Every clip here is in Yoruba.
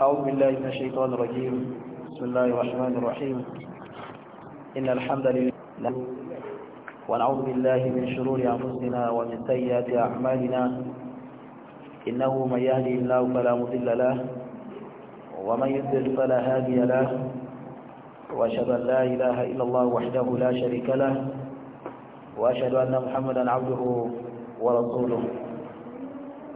أعوذ بالله من الشيطان الرجيم بسم الله الرحمن الرحيم إن الحمد لله ونعوذ بالله من شرور أنفسنا ومن سيئات أعمالنا إنه من يهدي الله فلا مضل له ومن يضلل فلا هادي له وأشهد أن لا إله إلا الله وحده لا شريك له وأشهد أن محمدا عبده ورسوله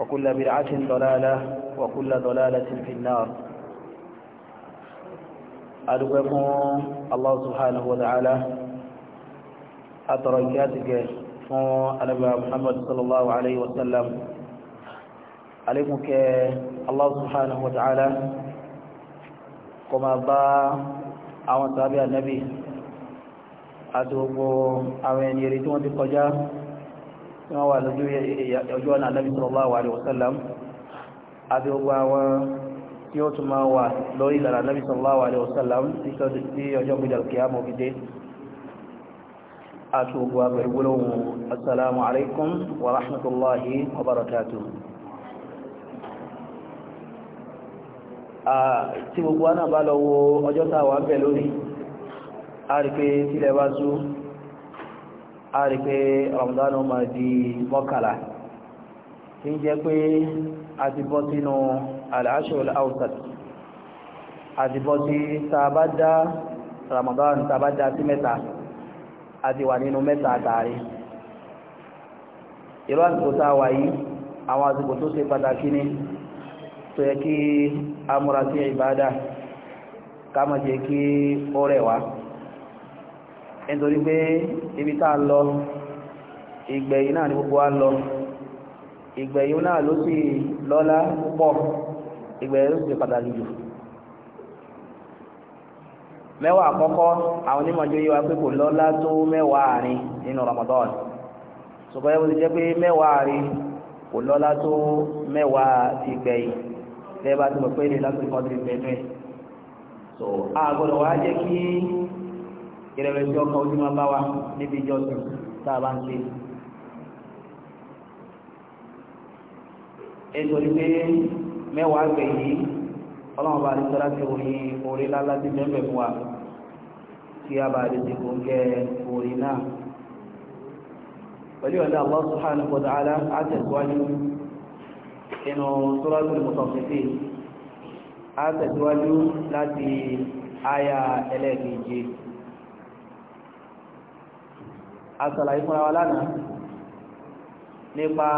وكل بدعة ضلالة وكل ضلالة في النار أدعوكم الله سبحانه وتعالى أتركاتك فأنبي محمد صلى الله عليه وسلم عليك الله سبحانه وتعالى كما با àwọn النبي. ànábì àti gbogbo àwọn tí wọ́n wà lójú ọjọ́ ọ̀nà Ànábì sallallahu alaihi wasallam àti gbogbo àwọn tí ó tún máa wà lórí ìlànà Ànábì sallallahu alaihi wasallam tí ọjọ́ gbogbo alkiyama fi dé àti gbogbo agbẹ̀rúgbólóhùn a rí pé Ramadan ó máa di mọ́kànlá tí ń jẹ́ pé a ti bọ́ sínú al-ashrul a ti bọ́ sí tàbádá Ramadan tàbádá sí mẹ́ta a ti wà nínú mẹ́ta àtàrí irú àsìkò tá a wà yìí àwọn àsìkò tó ṣe pàtàkì ní tó yẹ kí a múra sí ìbádà ká má jẹ́ kí ó rẹ̀ wá nítorí pé ibi tá a lọ ìgbẹ̀yìn náà ni gbogbo wa lọ ìgbẹ̀yìn náà ló sì lọ́lá púpọ̀ ìgbẹ̀yìn ló sì pàtàkì jù mẹ́wàá àkọ́kọ́ àwọn onímọ̀jọ́ yíwa pé kò lọ́lá tó mẹ́wàá àárín nínú Ramadan ṣùgbọ́n ẹ̀wọ̀n ti jẹ́ pé mẹ́wàá àárín kò lọ́lá tó mẹ́wàá ti gbẹ̀yìn lẹ́ẹ̀bá ti mọ̀ pé ní lásìkò kan ti gbẹ̀mẹ́ so a gbọ́dọ̀ jẹ́ kí ìrẹ̀wẹ̀sì ọkàn ojú máa bá wa níbi ìjọsìn tá a bá ń ṣe. ètò ìgbé mẹ́wàá gbẹ̀ yìí ọlọ́run bá àdìsọ́lá ti ròyìn orí lálá ti bẹ́ẹ̀ fún wa kí a bá àdìsí kò ń gẹ orí náà. pẹ̀lú ọ̀dọ̀ Allah subhanahu wa ta'ala á tẹ̀síwájú inú suratul mutaffifin á tẹ̀síwájú láti aya ẹlẹ́ẹ̀kejì àṣàlàyé fúnra wa lánàá nípa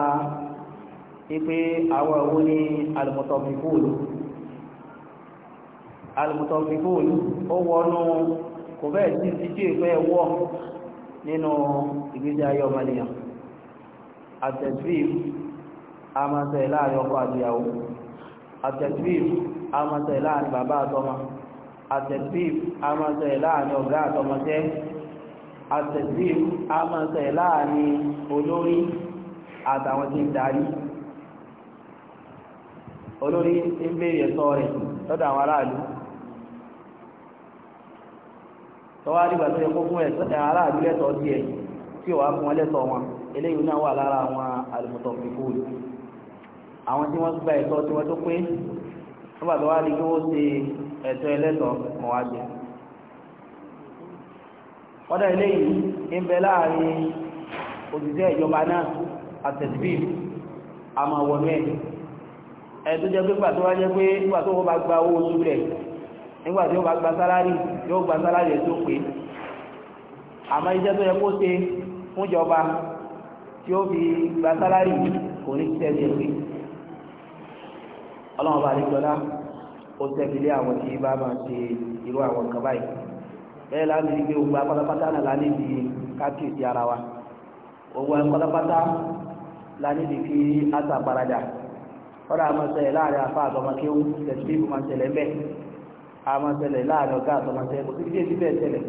ipe àwọn òwú ní alìmọ̀tọ̀fífóòlù alìmọ̀tọ̀fífóòlù ó wọnú kò bẹ́ẹ̀ sí ti tí ìpẹ́ wọ́ nínú ìgbésí ayé ọmọnìyàn àtẹ̀síf àmàṣẹ̀ láàrin ọkọ àtìyàwó àtẹ̀síf àmàṣẹ̀ láàrin bàbá àtọmọ àtẹ̀sí amọ̀sẹ̀ láàrin olórí àtàwọn tí ń darí olórí tí ń béèrè ẹ̀tọ́ rẹ̀ lọ́dọ̀ àwọn aráàlú tọ́wá nígbà tó yẹ kó fún aráàlú lẹ́tọ̀ọ́ sí ẹ̀ tí ò wá fún wọn lẹ́tọ̀ọ́ wọn eléyìí náà wà lára àwọn àlùmọ̀tọ̀ fìfò àwọn tí wọ́n gba ẹ̀tọ́ tí wọ́n tó pé nígbà tó wá ní kí wọ́n ṣe ẹ̀tọ́ ẹlẹ́tọ̀ọ́ mọ̀ wá jẹ́ ọ̀dọ̀ eléyìí ń bẹ láàrin òṣìṣẹ́ ìjọba náà àtẹ̀síbí àmọ́ wọ̀nú ẹ̀ ẹ̀ tó jẹ́ pé pàtó wájẹ́ pé pàtó wọ́n bá gba owó oṣù rẹ̀ nígbà tí ó bá gba sálárì yóò gba sálárì ẹ̀ pé àmọ́ iṣẹ́ tó yẹ kó ṣe fún ìjọba tí ó fi gba sálárì kò ní ṣiṣẹ́ ṣe pé ọlọ́run bá rí gbọ́dá ó tẹ̀lé àwọn tí bá máa ṣe irú àwọn kan báyìí bẹ́ẹ̀ láti rí pé gbogbo la níbi kákìsì ara wa na apátápátá la níbi kí á sàparadà ọ̀rọ̀ àmọ́sẹ̀lẹ̀ láàrin afá àtọmọkéwú tẹ̀sí ìfúnmọ́sẹ̀lẹ̀ ń bẹ̀ àmọ́sẹ̀lẹ̀ láàrin ọ̀gá àtọmọsẹ̀lẹ̀ kò sí díẹ̀ síbẹ̀ sẹ̀lẹ̀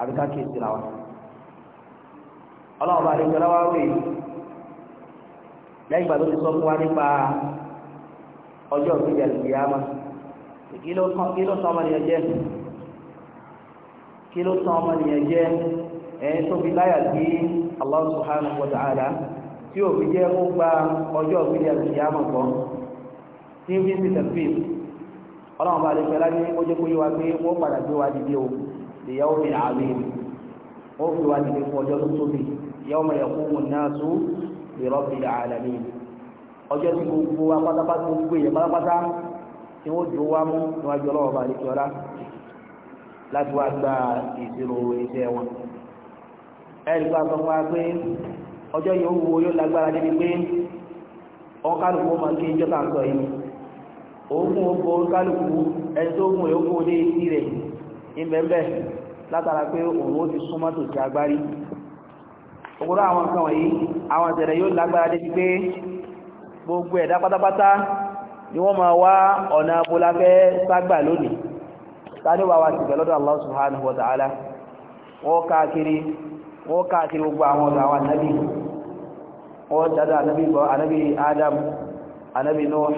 àbíká kí èsì làwọn ọlọ́ọ̀bá àdéjọlá wá rèé lẹ́yìn ìgbà tó ti sọ fún wa nípa ọjọ́ kí ló tán ọmọnìyàn jẹ́ ẹ̀yìn tó fi láyà sí Allah subhanahu wa ta'ala tí ò fi jẹ́ kó gba ọjọ́ ìpínlẹ̀ ìyámọ̀ kan tí fi ń fi tẹ̀fí ọlọ́run bá lè fẹ́lá ní ó jẹ́ kó yíwa pé ó padà gbé wa dìde o ìyàwó mi àárín ó fi wa ọjọ́ tí gbogbo wa gbogbo èèyàn pátápátá tí wọ́n jò wá mú níwájú ọlọ́run bá lè fẹ́lá láti wá gba ìṣirò iṣẹ́ wọn ẹ̀rí pa sọ pa pé ọjọ́ yóò wo yóò lágbára débi pé wọn kálukú máa ń ké ìjọba ń sọ yìí oògùn ogbò kálukú ẹni tó gùn yóò kó dé ìsí rẹ̀ ìbẹ̀ẹ̀bẹ̀ látara pé òun ó ti súnmọ́ tó ti agbárí òkúrò àwọn nǹkan wọ̀nyí àwọn ìṣẹ̀lẹ̀ yóò lágbára débi pé gbogbo ẹ̀dá pátápátá ni wọ́n máa wá ọ̀nà abúláfẹ́ ságbà lónìí tani wà wá sí ìgbẹ̀lọ́dọ̀ Allah subhanahu wa ta'ala wọ́n káàkiri wọ́n káàkiri gbogbo àwọn ọ̀dọ̀ àwọn anábì wọ́n dada anábì bọ́ anábì Adam anábì Nuh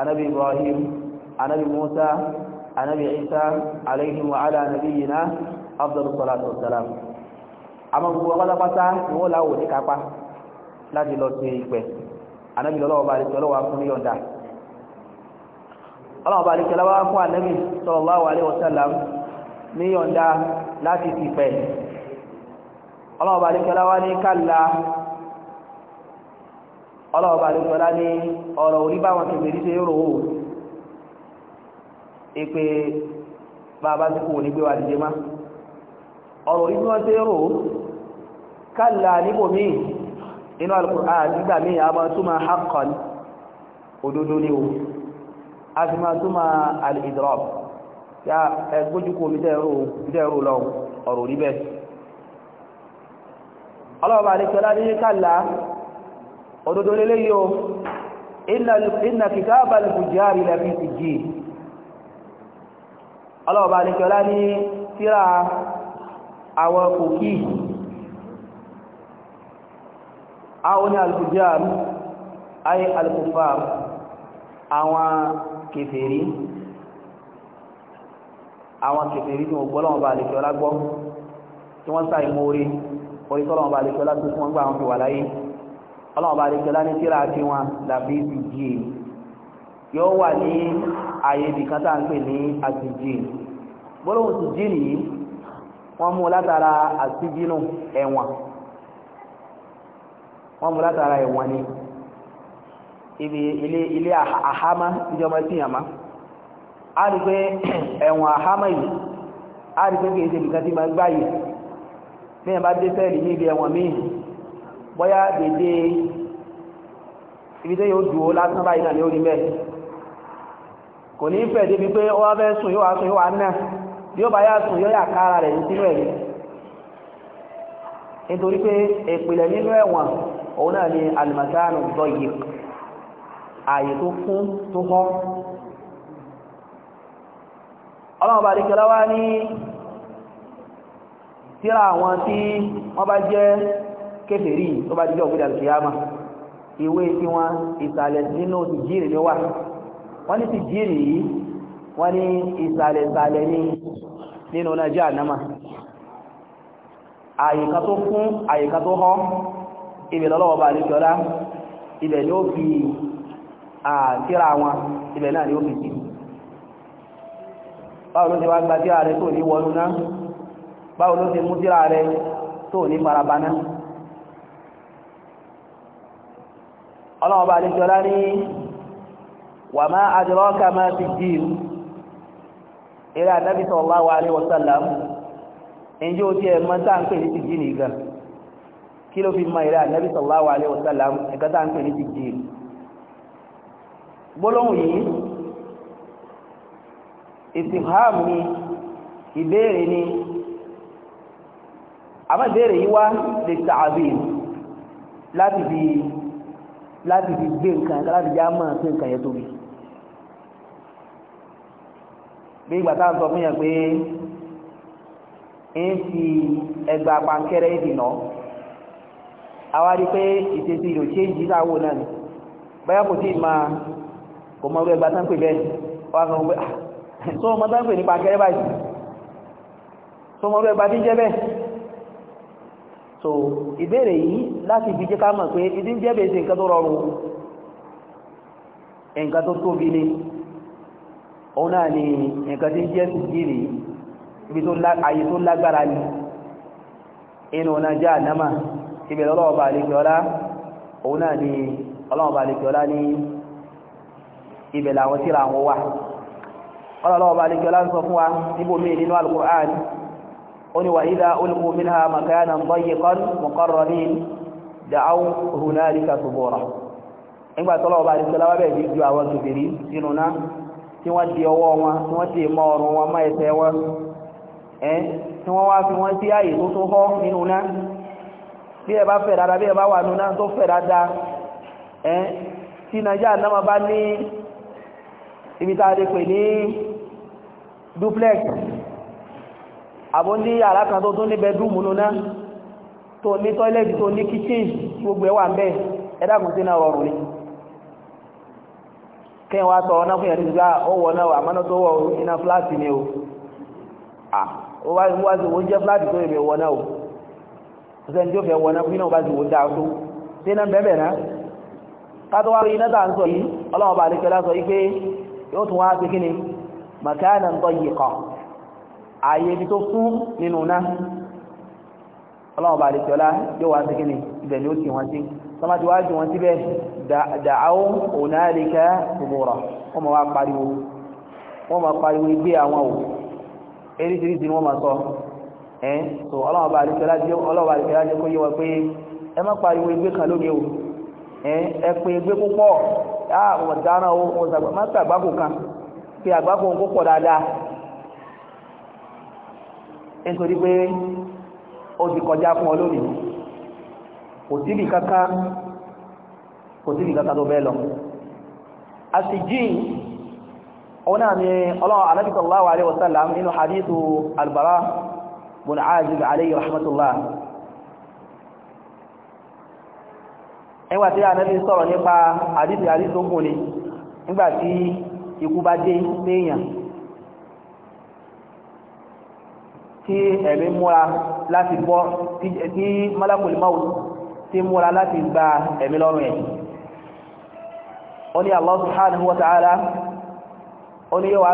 anábì Ibrahim anábì Musa anábì Isa alayhim wa ala nabiyyina afdalus salatu wassalam àmọ́ gbogbo pátápátá ni wọ́n láwò ní kápá láti lọ sí ìpẹ́ anábì lọ́lọ́wọ́ bá ọlọ́run bá alẹ́kẹ́ lọ́wọ́ fún ànábì sallallahu alaihi wasallam ní yọ̀ǹda láti ti pẹ̀ ọlọ́run bá alẹ́kẹ́ lọ́wọ́ ní kàlá ọlọ́run bá alẹ́kẹ́ lọ́wọ́ ní ọ̀rọ̀ orí báwọn kèfèrí ṣe rò ó ìpè bàbá tí kò ní gbé wa dìde má ni o asimatuma al-idrab ya ẹgbójúkú omi dẹ́rù lọ ọ̀rọ̀ rí bẹ́ẹ̀ ọlọ́ọ̀bà alẹ́kẹ́lá ní kàlá òdodo lélé yóò inna kìtàbà al-fujjari lafi sijjin ọlọ́ọ̀bà alẹ́kẹ́lá ní tírà àwọn kòkí àwọn al-fujjari ay al-kuffar àwọn kèfèrí àwọn kèfèrí tí wọ́n gbọ́ lọ́wọ́ bá àlèkè ọlá gbọ́ tí wọ́n sáì mú orí orí tọ́lọ́wọ́ bá àlèkè ọlá tó fún wọn gbà wọn fi wà láyé ọlọ́wọ́ bá àlèkè ọlá ní tíra àti wọn làbí ìsìjì yóò wà ní ààyè ibìkan tá à ń pè ní àsìjì gbólóhùn sìjì nìyí wọ́n mú látara àsìjì nù ẹ̀wọ̀n wọ́n mú látara ẹ̀wọ̀n ni ibi ilé ilé àhámá ìjọba tí yàmá a rí pé ẹ̀wọ̀n àhámá yìí a rí pé kìí ṣe nìkan tí ma gbáyé ní ẹ̀bá dé sẹ́ẹ̀lì ní ibi ẹ̀wọ̀n míì bóyá dédé ibi tó yóò dúó lásán báyìí náà ní orí mẹ́ kò ní fẹ́ débi pé ó wá fẹ́ sùn yóò wá sùn yóò wá náà bí ó bá yá sùn yóò yà kára rẹ̀ sínú ẹ̀rí nítorí pé ìpìlẹ̀ nínú ẹ̀wọ̀n òun náà ni alìmọ̀sánù dọ́yìí ààyè tó kún tó họ́ ọlọ́ọ̀bá àríkẹ́lá ní tíra àwọn tí wọ́n bá jẹ́ kèfèrí tó bá jíjọ ògbìdà kìyàmà ìwé tí wọ́n ìsàlẹ̀ nínú ti jíìrì ní wà wọ́n ní ti jíìrì yìí wọ́n ní ìsàlẹ̀ ìsàlẹ̀ ní nínú àtíra wọn a náà ni ó fi jì báwo ló ti wá gba tíra rẹ tó ní wọnú náà báwo ló ti mú tíra rẹ tó ní farabaná ọlọ́ọ̀bá àdíjọlá ní wà máa àdìrọ́kà máa ti jì ìrẹ́ àdábì sallallahu alaihi wasallam ń pè ní ti jì gbólóhùn yìí istifham ni ìbéèrè ni àmọ́ ìbéèrè yìí wá lè tààbí láti fi láti fi gbé nǹkan láti já máa pé nǹkan yẹn tóbi bí ìgbà táà sọ fún yẹn pé ń fi ẹgbà pankẹ́rẹ́ ìdìnà àwárí pé ìtẹ́sí ìrò ṣéǹjì láwò náà ni báyá kò mọ́ rẹ̀ gbátán pè bẹ́ẹ̀ wá kan pé tó ah, ọmọ tán pè nípa kẹrẹ báyìí tó mọ́ rẹ̀ gbátán jẹ́ bẹ́ẹ̀ so ìbéèrè yìí láti fi jẹ́ ká mọ̀ pé ìdí ń jẹ́ bèèsè nǹkan tó rọrùn nǹkan tó tóbi ni òun ni nǹkan tí ń jẹ́ sìgìrì ibi tó ayé tó lágbára ni inú ọ̀nà jẹ́ àdámà ìbẹ̀rẹ̀ ọlọ́ọ̀bà àlejò ọlá ni ní ibẹ̀ làwọn tíra àwọn wà ọlọ́lọ́wọ́ bá lẹ́gbẹ̀ẹ́ láti sọ fún wa níbò mí nínú al-Qur'an ó ní wa idha ulqu minha makanan dayyiqan muqarrabin da'aw hunalika thubura nígbà tọ́lọ́wọ́ bá lẹ́gbẹ̀ẹ́ láwọ́ bẹ̀ẹ́ ju àwọn kìfìrí sínú ná tí wọ́n di ọwọ́ wọn tí wọ́n ti mọ ọrùn wọn má ẹsẹ̀ wọn ẹ́ tí wọ́n wá fi wọ́n sí ààyè tó tó họ́ nínú ná bí ẹ bá fẹ̀ dáadáa bí ẹ bá wà nínú ná tó fẹ̀ dáadáa ẹ́ tí nàìjíríà náà bá ní ibi tá a pè ní duplex àbó ní yàrá kan tó tún ní bedroom nuna tó ní toilet tó ní kitchen gbogbo ẹwà ń bẹ ẹ̀dàkùn sí náà rọrùn ni kẹ́yìn wá sọ ọ̀nà fún yẹn nígbà ó wọ̀ náà àmọ́nà tó wọ̀ iná fúláàtì ni o ó wá wá sí wọ́n jẹ́ fúláàtì tó yẹ̀mẹ̀ wọ̀ yóò tún wá pé kí ni makana ń tọ́yì kọ̀ ààyè tó fún nínú náà ọlọ́run bá àdìsí yóò wá sí kí ni ibẹ̀ ni ó wọ́n sí ti wá jù wọ́n síbẹ̀ dàáwó ònàlẹ́kẹ́ gbogbo wọ́n wọ́n máa pariwo igbé àwọn ò eríṣiríṣi ni wọ́n ma sọ ẹ́ so ọlọ́run bá jẹ́ kó pé ẹ má pariwo kan ẹ̀pìn ìgbé púpọ̀ ọ̀dáná ohun ṣàgbọ́n kan fi àgbákò ohun púpọ̀ dáadáa nítorí pé ó ti kọjá fún ọ lónìí kò síbi kankan kò síbi kankan tó bẹ́ẹ̀ lọ náà ni ọlọ́run albara rahmatullah ẹwà tí ànábì sọ̀rọ̀ nípa àdìsí àdìsí tó kùn ni nígbà tí ikú bá dé léèyàn tí ẹ̀mí múra láti bọ́ tí malakul maut tí múra láti gba ẹ̀mí lọ́rùn ẹ̀ ó ní Allah subhanahu wa ta'ala ó ní yóò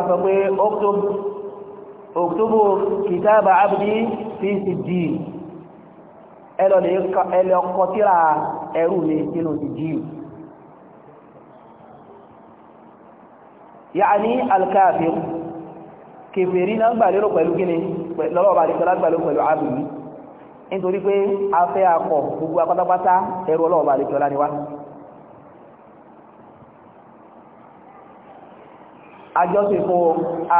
ẹlọ ọkọ̀ tíra ẹrù mi nínú ti jíù yàní alkafir kèfèrí náà gbàlérò pẹ̀lú gíní lọ́rọ̀ bá dìkọ́lá gbàlérò pẹ̀lú àbìlì nítorí pé afẹ́ akọ̀ gbogbo apátápátá ẹrù ọlọ́ọ̀bà àdìkọ́lá ni wá àjọsìn fún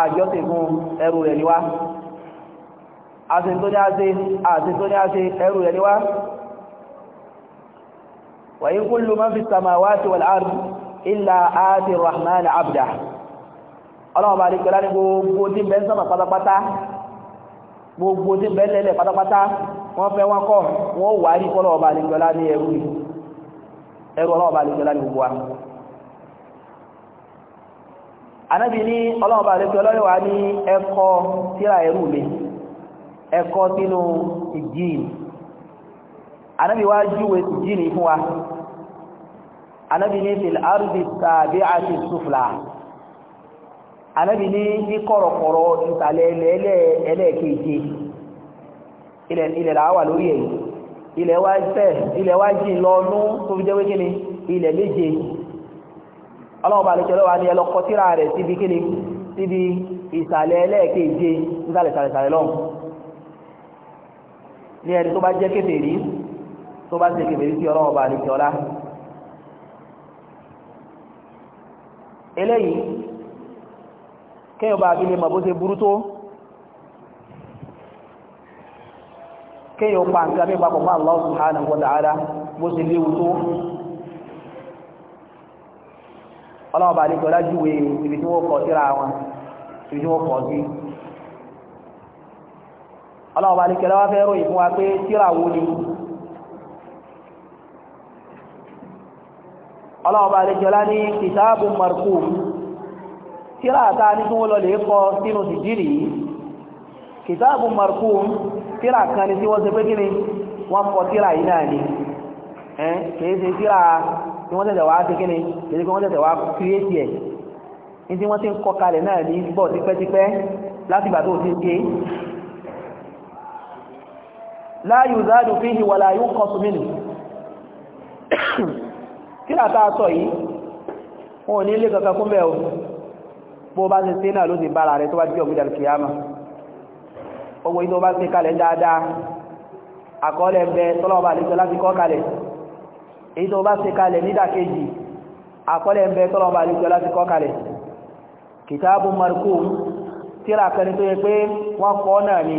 àjọsìn fún ẹrù rẹ̀ àti tó ní àṣe àti tó ní àṣe ẹrù rẹ̀ níwá wa in kullu man fi samawati wal ard illa àti rahman abda ọlọ́wọ́ bá rí pẹ̀lá ní gbogbo tí bẹ́ ń sọ́mà pátápátá gbogbo tí bẹ́ lẹ́lẹ̀ pátápátá wọ́n fẹ́ wọ́n kọ́ wọ́n wà rí kọ́lọ́wọ́ bá rí pẹ̀lá ní ẹrù ẹ̀kọ́ sínú ìjìn anábi wá júwe ìjìn wa anábi ní fil ardi tàbí àti sufla anábi ní ní kọ̀rọ̀kọ̀rọ̀ ìsàlẹ̀ ilẹ̀ ẹlẹ́ẹ̀keje ilẹ̀ ilẹ̀ lórí ẹ̀ ilẹ̀ wá fẹ̀ ilẹ̀ wá jìn lọ nú tó fi jẹ́wé kíni ilẹ̀ méje ọlọ́ọ̀bà lè ní rẹ̀ síbi kíni síbi ìsàlẹ̀ ní ẹni tó bá jẹ́ kèfèrí tó bá ṣe kèfèrí sí ọlọ́wọ́ bá àlejò ọlá eléyìí kéèyàn bá abilé mọ̀ bó ṣe burú tó kéèyàn pa nǹkan bí papọ̀ mọ́ Allah subhanahu wa bó ṣe léwu tó ọlọ́wọ́ bá àlejò ọlá júwe ibi tí wọ́n kọ̀ síra wọn ibi tí wọ́n kọ̀ sí ọlọ́ọ̀bá ní kẹlẹ́wà fẹ́ ròyìn fún wa pé tíra wo ni ọlọ́ọ̀bá ní kẹlá ní kìtàbù marqum tíra àta ní fún wọ́n lọlẹ̀ kọ sínú sìjìrì kìtàbù marqum tíra kan ní tí wọ́n ṣe pé kí ni wọ́n kọ tíra yìí náà ni kìí ṣe tíra tí wọ́n tẹ̀tẹ̀ wá ṣe kí ni kìí ṣe wọ́n tẹ̀tẹ̀ wá kírésì ẹ̀ ní tí wọ́n ti ń kọ kalẹ̀ náà ní bọ̀ tipẹ́tipẹ́ la yuzadu fihi wa la yunqasu minhu kí àtà sọ yìí wọn ò ní ilé kankan kún bẹ́ẹ̀ o bó bá ṣe sí náà ló ti bára rẹ̀ tó bá jẹ́ òmìnira kìyàmà owó ìtò bá ṣe kalẹ̀ dáadáa àkọọ́lẹ̀ ń bẹ tọ́lọ́ọ̀bà lè sọ láti kọ́ kalẹ̀ èyí tó bá ṣe kalẹ̀ nídàkejì àkọọ́lẹ̀ ń bẹ tọ́lọ́ọ̀bà lè sọ láti kọ́ kalẹ̀ kìtàbù marqum tíra kan tó yẹ pé ni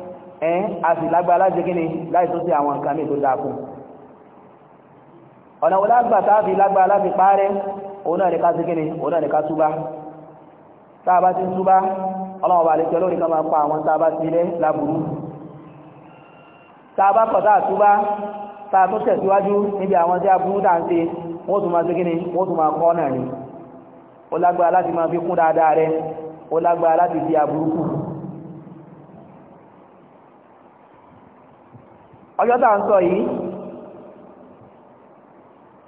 ẹ́n a sì lágbà láti kíni láì tó sí àwọn nǹkan mi tó dáa fún ọ̀nà olágbà táàfi lágbà láti parẹ́ òun náà ní ká sí kíni òun náà ní ká túbá táàbá ti túbá ọlọ́wọ́ bá lè jẹ́ lórí kan máa pa àwọn táàbá ti rẹ́ ni ó lágbà láti máa fi kún dáadáa rẹ ó lágbà láti fi àbúrúkù ọjọ́ tàà ń sọ yìí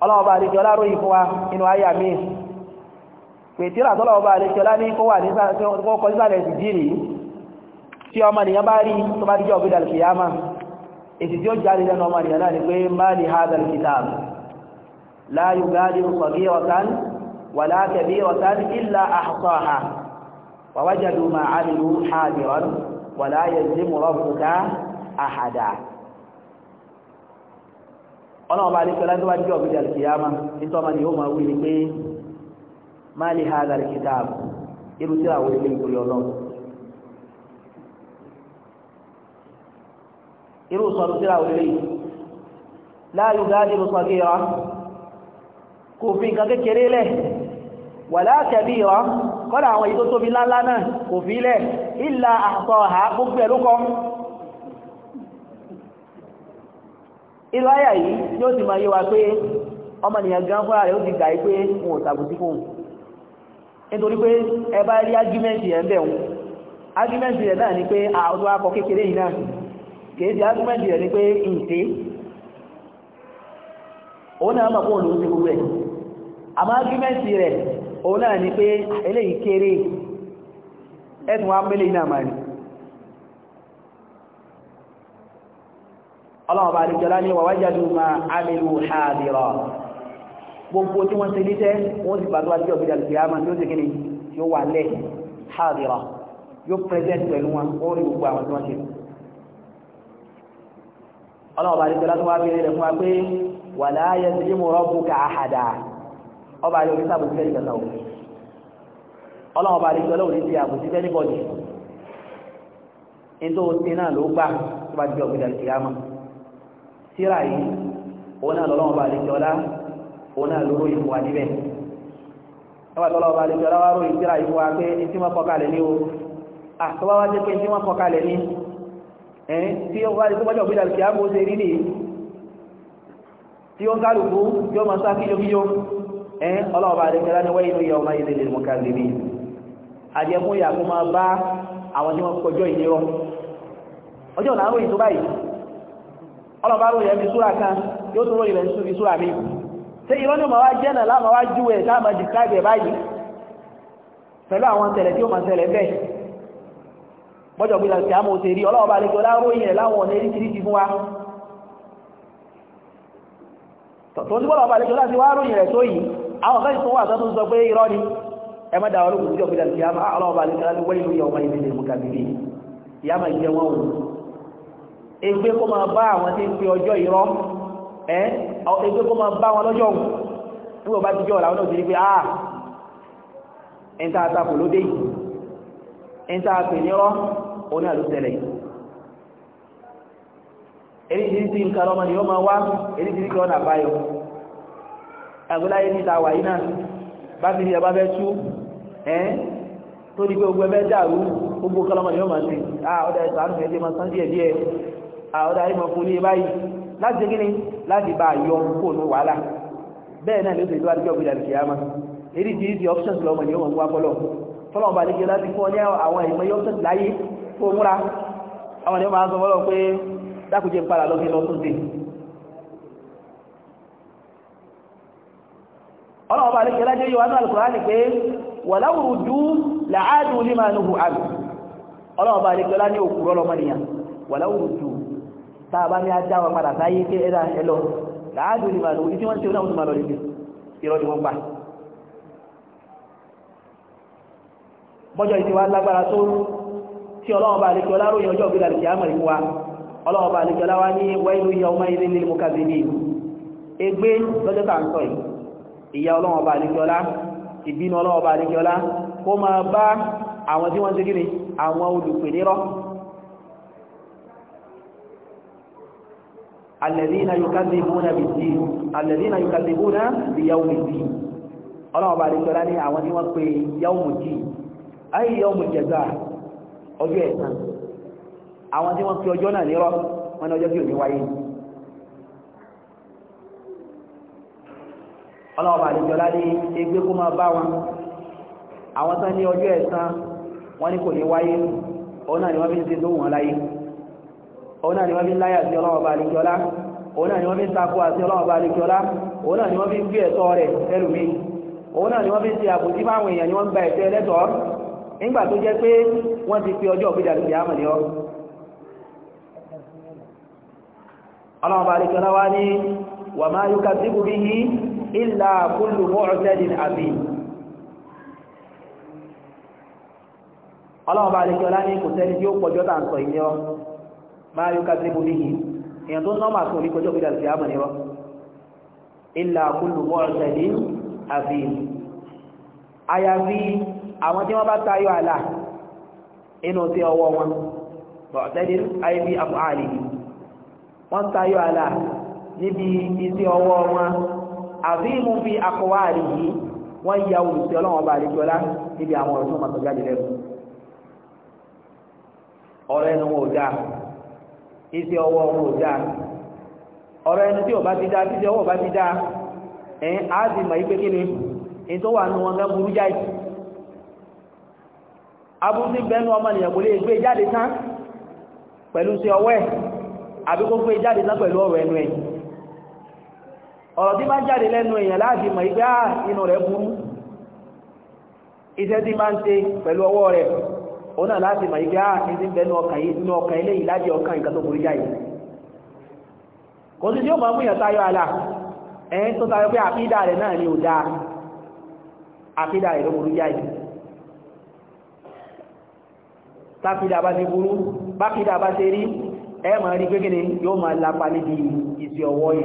ọlọ́ọ̀bá àdíkẹ́ ọláròyìn fún wa inú ayà míì pètírà tọ́lọ́ọ̀bá àdíkẹ́ ọlá ní kó wà ní kọ́kọ́ sísàlẹ̀ ìjìrì tí ọmọnìyàn bá rí tó bá díjọ́ ògbédà kìyàmá èsì tí ó jáde lẹ́nu ọmọnìyàn náà ni pé má ní hadal kitab ọlọ́wọ́ bá lè pẹ́lá tó wá jẹ́ ọ̀gbẹ́jà kìyàmá nítorí ọmọ ni ó máa wí ni pé má lè ha àdàrí kitab irú tí àwọn ilé ìgbòrí ọlọ́run irú sọ̀rọ̀ tí àwọn ilé láàyò dáadé ló sọ̀rọ̀ kéèrà kò fi nǹkan kékeré lẹ̀ wà látẹ̀bí ìrọ̀ kọ́dà àwọn èyí láńlá náà kò fi lẹ̀ ìlà àtọ̀ àgbógbẹ̀lúkọ́ irú àyà yìí yóò ti máa yé wa pé ọmọnìyàn gan fúnra rẹ̀ ó ti gbà yí wọn ò tàbùtí fóun nítorí pé ẹ rí ágímẹ́ǹtì ẹ̀ ń bẹ̀ wọn ágímẹ́ǹtì rẹ̀ náà ni pé àwọn akọ kékeré yìí náà kìí ṣe rẹ̀ ni pé ìǹté òun náà mọ̀ ti gbogbo ẹ̀ àmọ́ rẹ̀ òun ni pé eléyìí kéré ọlọ́wọ́ bá lè jọlá ní wàwájádù ma amìlú hàbìrọ̀ gbogbo tí wọ́n ti lítẹ́ wọ́n ti pàtàkì àti ọ̀gbẹ̀dà kìyàmà tí ó ti kíni yóò wà lẹ̀ hàbìrọ̀ yóò pẹ́sẹ̀ntì pẹ̀lú wọn ó rí gbogbo àwọn tí wọ́n ti ọlọ́wọ́ bá lè jọlá tó ti náà ló gbà tó bá di ọ̀gbẹ̀dà kìyàmà tíra yìí òun náà lọ́lọ́wọ́ bá àlejò ọlá òun náà lóró yìí wà níbẹ̀ nígbà tó lọ́wọ́ bá àlejò ọlá wá ró yìí tíra yìí wá pé etí wọn kọkalẹ̀ ní o àtọ́ bá wá jẹ́ pé etí wọn kọkalẹ̀ ní ẹ̀ẹ́n tí ó wá tó bájọ̀ gbéra kí á bó ṣe rí nìyí tí ó ń kálukú yóò máa sá kíjokíjo ẹ̀ẹ́n ọlọ́wọ́ bá àlejò ọlá ní wáyé lóye ọmọ ilé lè mọ̀ká lè rí àjẹmúyà kó máa bá àwọn tí wọ́n kọjọ́ ìlérọ́ ọlọ́bá rò yẹn bí súra kan yóò tún ròyìn rẹ̀ bí súra mi ṣe irọ́ ní ọmọwá jẹ́ náà láàmà wá jú ẹ̀ táàmà describe ẹ̀ báyìí pẹ̀lú àwọn tẹ̀lẹ̀ tí ó máa tẹ̀lẹ̀ bẹ́ẹ̀ bọ́jọ̀ gbé lọ́sí àmọ́ òṣèré ọlọ́ọ̀bá lè jọlá ròyìn rẹ̀ láwọn ọ̀nà eréṣiríṣi fún wa tó ní bọ́lọ̀ ọba lè jọlá sí wá ròyìn rẹ̀ tó yìí àwọn kan ìsún wà tó sọ pé irọ́ ni ẹ má dàwọn olókùnrin jọ gbé lọ́sí egbe kó máa bá àwọn tí ń pe ọjọ́ irọ́ ẹ́ egbe kó máa bá wọn lọ́jọ́ òun nígbà bá ti jọ làwọn náà ti rí pé ah ẹ̀ńtà àtakò ló dé yìí ẹ̀ńtà àpè nírọ́ òun náà ló yìí ni ó máa wá eríṣiríṣi ọ̀nà àbáyọ àgbéláyé níta wà yìí náà bá ti rí ẹbá fẹ́ tú ẹ́ tó di pé gbogbo ẹbẹ́ dàrú gbogbo kọlọmọ ni ó máa ti ah ọ̀dà ẹ̀sán àánú ẹ̀jẹ̀ máa sán díẹ̀ díẹ̀ àwọn darí mọ̀ fún ní báyìí láti ṣe kíni láti bá yọ kó ní wàhálà bẹ́ẹ̀ náà ló ṣe tó àdíjọ́ ìgbìyà ìṣẹ́ àmà èrí ti ìdí options lọ́mọ ni ó wọ́n wá fọ́lọ̀ fọ́lọ̀ ọba ní kí láti fọ́ ní àwọn ìmọ̀ options láyé tó múra àwọn ni ó máa ń sọ fọ́lọ̀ pé dákùjẹ́ ń padà lọ́gbẹ́ lọ́tún dé ọlọ́wọ́ ọba ní kí láti yíwa náà Al-Qur'ani pé walau ruddu la'adu lima nuhu ní òkúrọ́ lọ́mọ nìyàn walau tàbá ní ajá wa padà sáyé pé ẹ̀dà ẹlọ láàájú ni màá lò ní tí wọ́n ń ṣe náà wọ́n ti máa lọ lè irọ́ ni wọ́n gbà wa lágbára tó tí ọlọ́wọ́ bá àlejò ọláròyìn ọjọ́ òbí lálẹ́ kìámọ̀ ìfún wa ọlọ́wọ́ bá àlejò ọlá wa ní wáyé ìyá ọmọ ilé ní mo kàbí ní egbé lọ́jọ́ tà ń sọ yìí ìyá ọlọ́wọ́ bá àlejò ọlá ìbínú ọlọ́wọ́ bá àlejò ọlá ni àwọn olùpè nírọ́ alladhina yukadhibuna bid-din alladhina yukadhibuna bi yawmid-din ọlọ́wọ́ bá dìtọ́lá ní àwọn tí wọ́n pe yawmid-din ay yawmul jazaa ọjọ́ ẹ̀san àwọn tí wọ́n pe ọjọ́ náà nírọ́ wọn ni ọjọ́ tí ò ní wáyé ọlọ́wọ́ bá dìtọ́lá ní egbé kó máa bá wọn àwọn tán ní ọjọ́ ẹ̀san wọn ni kò ní wáyé òun òun náà ni wọ́n fi ń láyà sí ọlọ́wọ́ bá àlejòọ́lá òun náà ni wọ́n fi ń takò àti ọlọ́wọ́ bá àlejòọ́lá òun náà ni wọ́n fi ń gbé ẹ̀tọ́ rẹ̀ òun náà ni wọ́n fi ń ṣe àbòsí fáwọn èèyàn ni wọ́n ń gba ẹ̀tọ́ nígbà tó jẹ́ pé wọ́n ti pe ọjọ́ ògbéjà lóde àmọ̀ ọlọ́wọ́ bá wá ní wà yóò bí i ìlà kúlù ma yukadhibu bihi èèyàn tó nọ́mà tó ní kọjọ́ ìdàlù sí àmà nírọ́ illa kullu mu'tadin àfihàn àyàfi àwọn tí wọ́n bá tayọ àlà inú tí ọwọ́ wọn mu'tadin àyàfi àfihàn wọ́n tayọ àlà níbi iṣẹ́ ọwọ́ wọn àfihàn ya olùsẹ́ ọlọ́wọ́n bá àríjọlá níbi àwọn ọ̀rọ̀ tó mọ̀ tó jáde lẹ́nu ọ̀rọ̀ ẹnu wọn ò dáa iṣẹ́ ọwọ́ ọmọ òdá ọ̀rọ̀ ẹni tí ó bá ti dá tí ọwọ́ bá ti dá ẹ̀yìn áàdì mọ̀ ipé kí ni in tó wà ní wọn gẹ́ burú jáì abúrúsí bẹnu ọmọ nìyàn kò lè gbé e jáde tán pẹ̀lú sí ọwọ́ ẹ̀ àbí kó gbé e jáde tán pẹ̀lú ọ̀rọ̀ ẹnu ẹ̀ ọ̀rọ̀ tí bá jáde lẹ́nu èèyàn láti mọ̀ ipé à ah, inú rẹ̀ burú iṣẹ́ tí máa ń ṣe pẹ̀lú ọwọ́ rẹ̀ òun náà láti mọ̀ ìgbé ààrin tí ń bẹnu ọkàn yìí nínú ọkàn ilé yìí lájẹ́ ọkàn ìkan tó burú jáyìí kò sí tí ó máa múyàn tayọ àlà ẹ̀yìn tó tayọ pé àfídà rẹ̀ náà ni ò dáa àfídà rẹ̀ ló burú jáyìí táfídà bá ti burú báfídà bá ti rí ẹ máa rí gbégéni yóò máa lapa níbi ìsì ọwọ́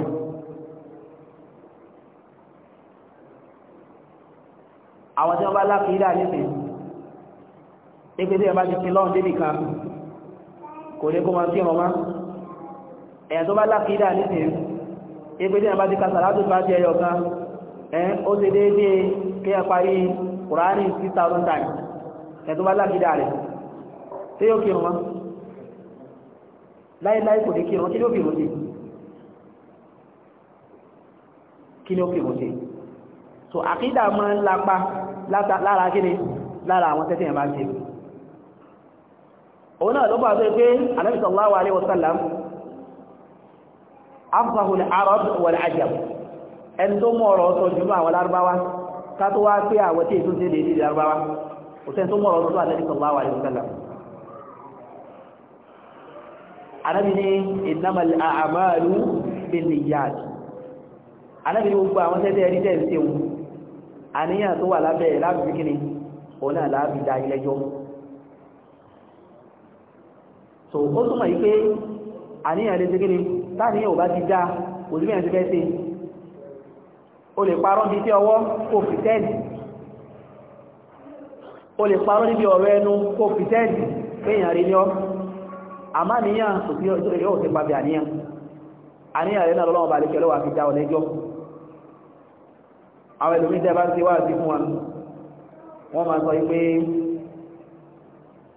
àwọn tí wọ́n bá láfídà nísìnyí pépé tí ẹ bá ti sin lọ́run débì kan kò lè kó máa kí ọmọ ẹ̀yà tó bá lákìídà nísìn pépé tí ẹ bá ti ka sàlátù bá ti ẹyọ kan ẹ̀ ó ti déédéé kí ẹ parí kùránì 6000 times ẹ̀ tó bá lákìídà rẹ̀ tí yóò kí ọmọ láíláí kò lè kí ọmọ kí ló kí ọmọ sí kí ló kí ọmọ sí so àkídà máa ń lapa lára kí ni lára àwọn tẹ́tẹ̀yàn bá ń ṣe òun náà ló bá tó pé Ànábì sallallahu alaihi wasallam arab wal ajab ẹni tó mọ̀ ọ̀rọ̀ jùlọ àwọn lárúbáwá ká tó wá pé àwọn tí lè ní lárúbáwá kò sẹ́ni tó mọ̀ ọ̀rọ̀ sọ Ànábì so ó túnmọ̀ yí pé àníyàn lè ṣe kí ni láàníyàn ò bá ti dá òdúmíyàn ti fẹ́ sí o lè parọ́ bí tí ọwọ́ kò fi tẹ́ẹ̀dì o lè parọ́ níbi ọ̀rọ̀ ẹnu kò fi tẹ́ẹ̀dì péyàn rí ní ọ àmá níyàn kò sí yóò ti pàbí àníyàn àníyàn rẹ̀ náà lọ́wọ́ bá lè kẹlọ́wà fi dá ọlẹ́jọ́ àwọn ẹlòmí tẹ́ bá ti wá sí fún wọn wọ́n máa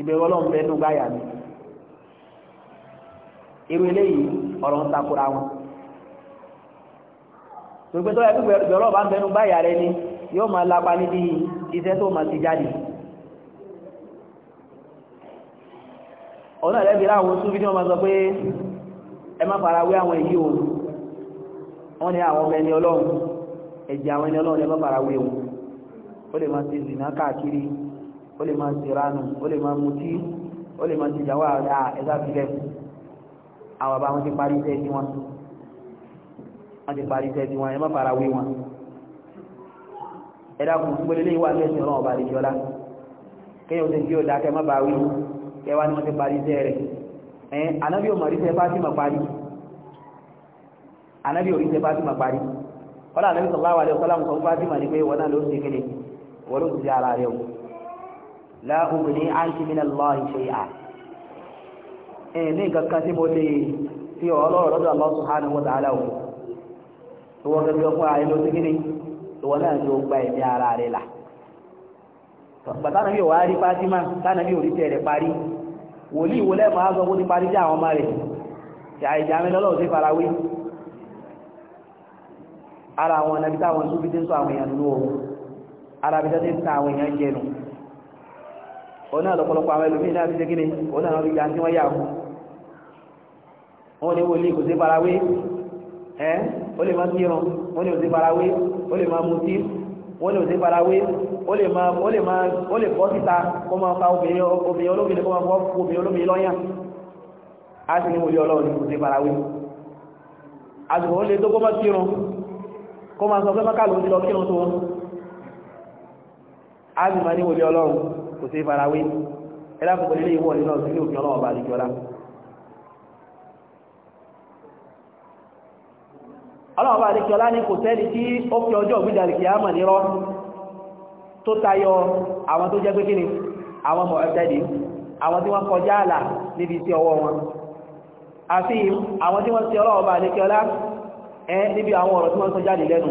ìbẹ̀rù ọlọ́run bẹ́ẹ̀ nù báyà mi irú eléyìí ọ̀rọ̀ ń takora wọn gbogbo tó yẹ kí ìbẹ̀rù ọlọ́run bá ń bẹ́ẹ̀ báyà rẹ ni yóò máa lápa níbi iṣẹ́ tó máa ti jáde ọ̀nà ẹ̀lẹ́bí láwọn tún bí ní ọmọ sọ pé ẹ má fara wé àwọn èyí o wọ́n ní àwọn ọmọ ẹni ọlọ́run ẹ̀jẹ̀ àwọn ẹni ọlọ́run ẹ má fara wé o ó lè máa ti zìnà káàkiri ó lè máa ṣe ránù ó lè máa mutí ó lè máa ṣe ìyàwó àrà ẹ̀dá ìbílẹ̀ àwọn bàbá wọn ti parí iṣẹ́ tí wọn wọn ti parí iṣẹ́ tí wọn ẹ má fara wé wọn ẹ̀dá kù gbélé lè wà lẹ́sìn ọ̀rọ̀ ọba àdìjọ́lá kéèyàn ó ti kí ó dákẹ́ má bàa wí kẹwa ni wọ́n ti parí iṣẹ́ rẹ̀ ẹ̀yìn anábí ò mọ̀rí iṣẹ́ fátímà parí anábí ò iṣẹ́ fátímà parí kọ́lá anábí sallallahu alaihi wasallam láàbùn ní àìsímínà lọ́ọ̀ ìṣe à ẹ̀ ní kankan tí mo lè fi ọlọ́rọ̀ lọ́dọ̀ Allah subhanahu wa ta'ala o ìwọ gẹ́gẹ́ fún ààrẹ ló ti gíní ìwọ náà ló gba ẹ̀mí ara rẹ̀ là bàtánà bí wàá rí Fátímà tánà bí òrí tẹ̀rẹ̀ parí wòlíì wo lẹ́mọ̀ á sọ fún ti parí sí àwọn ọmọ rẹ̀ ṣàìjà mi lọ́lọ́ sí farawé ara àwọn ọ̀nà bí táwọn súnbí ti ń sọ àwọn èèyàn lóòrùn ara bí tó ti ta àwọn èèyàn jẹnu ọ̀nà lọ́pọ̀lọpọ̀ àwọn ẹlòmí náà fi ṣe gíní ọ̀nà àwọn ìjà tí wọ́n yà hù wọ́n ni wọ́n ní kò sí farawé ẹ́ ó lè máa kírun wọ́n ni kò sí farawé ó lè máa mutí wọ́n ni kò sí farawé ó lè máa ó lè bọ́ síta kó máa fa obìnrin olómìnir kó máa fọ́ obìnrin olómìnir lọ́yàn á sì wòlé ọlọ́run kò sí farawé ẹ̀rọ àkókò nílé ìwọ̀ nínú ọ̀sán ní òfin ọlọ́wọ́ bá àdìjọ la. ọlọ́wọ́ bá àdìjọ la ní kò sẹ́ni tí ó fi ọjọ́ ògbìjà lè kìí àmà nírọ́ tó tayọ àwọn tó jẹ́ pé kíni àwọn ọmọ ẹ̀tẹ́dì àwọn tí wọ́n kọjá àlà níbi iṣẹ́ ọwọ́ wọn àfi àwọn tí wọ́n ti ọlọ́wọ́ bá ẹ níbi àwọn ọ̀rọ̀ tí wọ́n sọ jáde lẹ́nu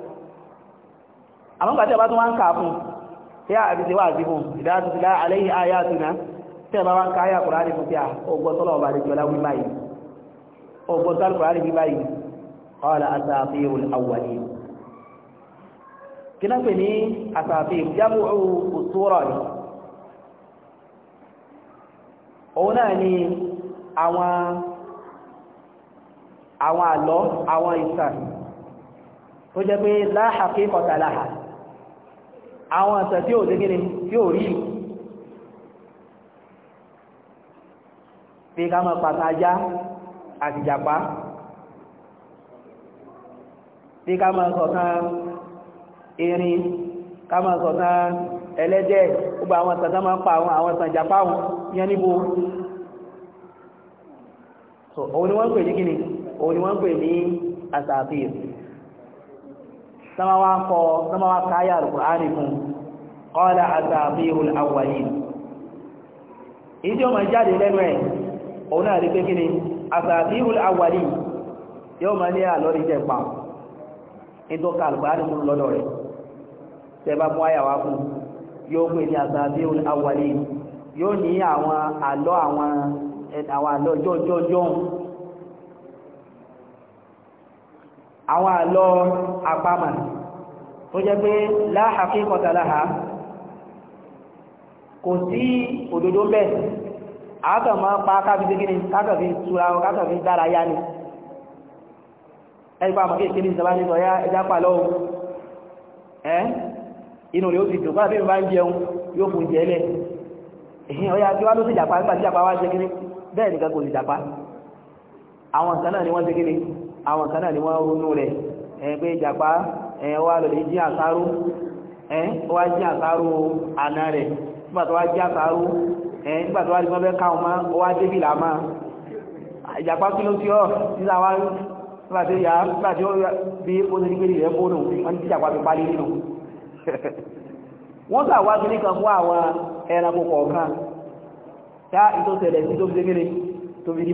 àmọ́ gbàtẹ́ bá tún wá ń kà fún tí a àbí ti wá àti fún ìdádùsílá aléyìn ayá àtúnà tí a bá wá ń káyà kùránì fún tí a ọgbọ́tọ́lọ̀ ọba àdìjọ láwí báyìí ni òun àwọn àlọ́ àwọn ìsàn tó jẹ́ pé láhàkí kọ̀tàláhàá àwọn àṣà tí ò dégíní tí ó rí pé ká mọ́ pàtà ajá àti jàpá pé ká mọ́ sọ̀tán erin ká mọ́ sọ̀tán gbogbo àwọn àṣà tán máa pa àwọn àwọn àṣà yẹn níbo òun ni wọ́n pè ní kíni ni wọ́n pè ní àṣà tọ́mọ wá kọ́ tọ́mọ wá káyà alùkùránì fún qala asatirul awwalin èyí tí ó máa jáde lẹ́nu ẹ̀ òun náà rí pé kí ni asatirul awwalin yóò máa ní àlọ́rí jẹ́ pa ìtọ́ka lo fún lọ́dọ̀ rẹ̀ tẹ́ bá mú àyàwá fún yóò pè ní asatirul awwalin yóò ní àwọn àlọ́ àwọn àlọ́ jọ́jọ́jọ́ àwọn àlọ́ àpamà tó jẹ́ pé la haqiqata laha kò sí òdodo bẹ́ẹ̀ àátọ̀mọ́ pa káfíńsí gíní kákàfí túra kákàfí dára yá ni ẹgbà àmọ́ kéèkéé ní ìjọba nínú ọ̀yá ẹjá pà lọ́wọ́ ẹ́ inú rẹ̀ ó ti dùn káàbí bá ń jẹun yóò fún jẹ lẹ̀ ẹ̀yìn ọ̀yá tí wá ló sì jàpá nígbà tí jàpá wá ṣe kiri bẹ́ẹ̀ nìkan kò sì jàpá àwọn ìsànà ni wọ́n ṣe kiri àwọn kan náà ni wọ́n ronú rẹ̀ pé ìjàpá wà lọ́lẹ̀ jí àsáró wá jí àsáró àná rẹ̀ nígbà tó wá jí àsáró nígbà tó wá rí wọ́n fẹ́ káwọn máa wá débìlà máa ìjàpá kí ló ti ọ́ nígbà wá nígbà tí yà nígbà tí ó bí ó ti gbé ilẹ̀ bónú wọ́n ti ìjàpá fi pálí nínú wọ́n sà wá kíní kan fún àwọn ẹranko kọ̀ọ̀kan tá ìtòsẹ̀lẹ̀ sí tó fi dé kéré tó fi rí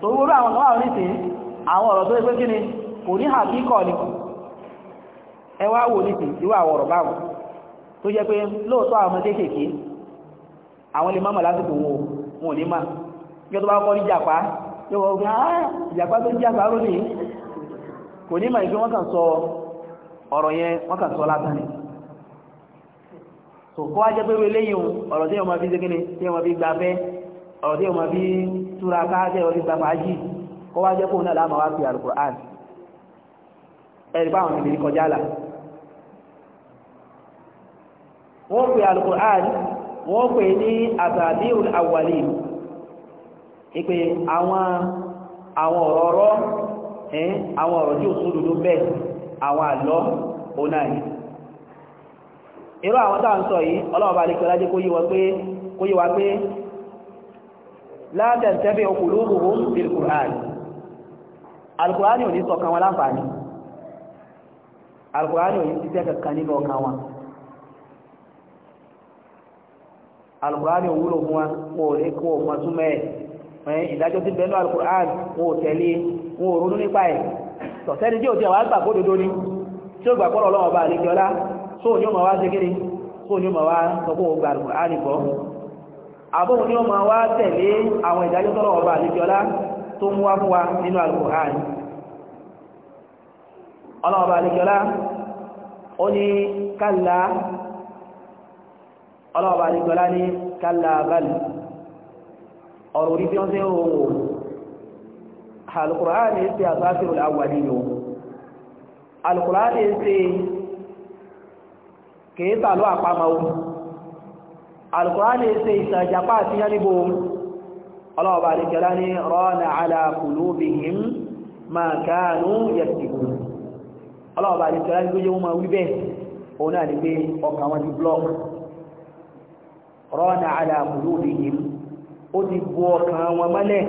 tòwúrú àwọn ọmọ ní tìí àwọn ọ̀rọ̀ tó ẹgbẹ́ kí ni kò ní àkíkọ̀ ní ẹwà wò ní tìí ìwà àwọn báwọn tó jẹ́ pé lóòótọ́ àwọn kéèkèé àwọn lè mọ́mọ̀ lásìkò wọn ní máa yọ́ tó bá kọ́ ní jàpá ah, wọ́n ọ̀rọ̀ túra káàkiri orí sàfàájì kó wá jẹ́ kó náà láàmà wá fi alukur'an ẹ̀rí báwọn ìbìrì kọjá là wọ́n pè alukur'an wọ́n pè ní asabiul awwalin ìpè àwọn àwọn ọ̀rọ̀ ẹ̀ àwọn ọ̀rọ̀ tí ò sún dúdú bẹ́ẹ̀ àwọn àlọ́ òun náà ni irú àwọn táà ń wa láàdà tẹ́bẹ̀ qulubuhum bil Qur'an alkùránì ò ní sọ kan wọn láǹfààní alkùránì ò ní sí tẹ́kẹ̀ kan nínú ọkàn wọn alkùránì ò wúlò fún wọn kò lè kó ọmọ súnmọ́ ẹ̀ ìdájọ́ ti bẹ̀rẹ̀ alkùránì wọn ò tẹ̀lé wọn ò ronú nípa ẹ̀ tọ̀sẹ́ni tí ò tẹ̀ wá gbà kó dodo ni tí ó gbà kọ́ lọ́wọ́ bá àlejò ọlá sóò ní ó mọ̀ wá ṣe kiri sóò ní ó mọ̀ wá sọ àbóhun ni ó máa wá tẹ̀lé àwọn ìdájọ́ tọ́lọ̀ ọba àlejọ́lá tó mú wá fún wa nínú Al-Qur'an ọlọ́ọba àlejọ́lá ó ní kálá ọlọ́ọba àlejọ́lá ní kálá bálì ọ̀rọ̀ orí bí wọ́n tẹ́ ohun Al-Qur'an ní ṣe àbáṣírò àwàdí yóò Al-Qur'an ní alkùránì ṣe ìsànjàpá àti yánibo ọlọ́ọ̀bà àríkẹ́lá ní rọ́nà alákùlóbìhìm ma káànú yẹ̀sìkò ọlọ́ọ̀bà àríkẹ́lá ní gbójẹ́ ma wíbẹ̀ òun náà ní pé ọkà wọn ti blọ́k rọ́nà alákùlóbìhìm ó ti bu ọkà wọn mọ́lẹ̀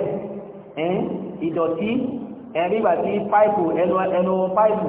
ìdọ̀tí ẹ̀rígbà tí páìpù ẹnu páìpù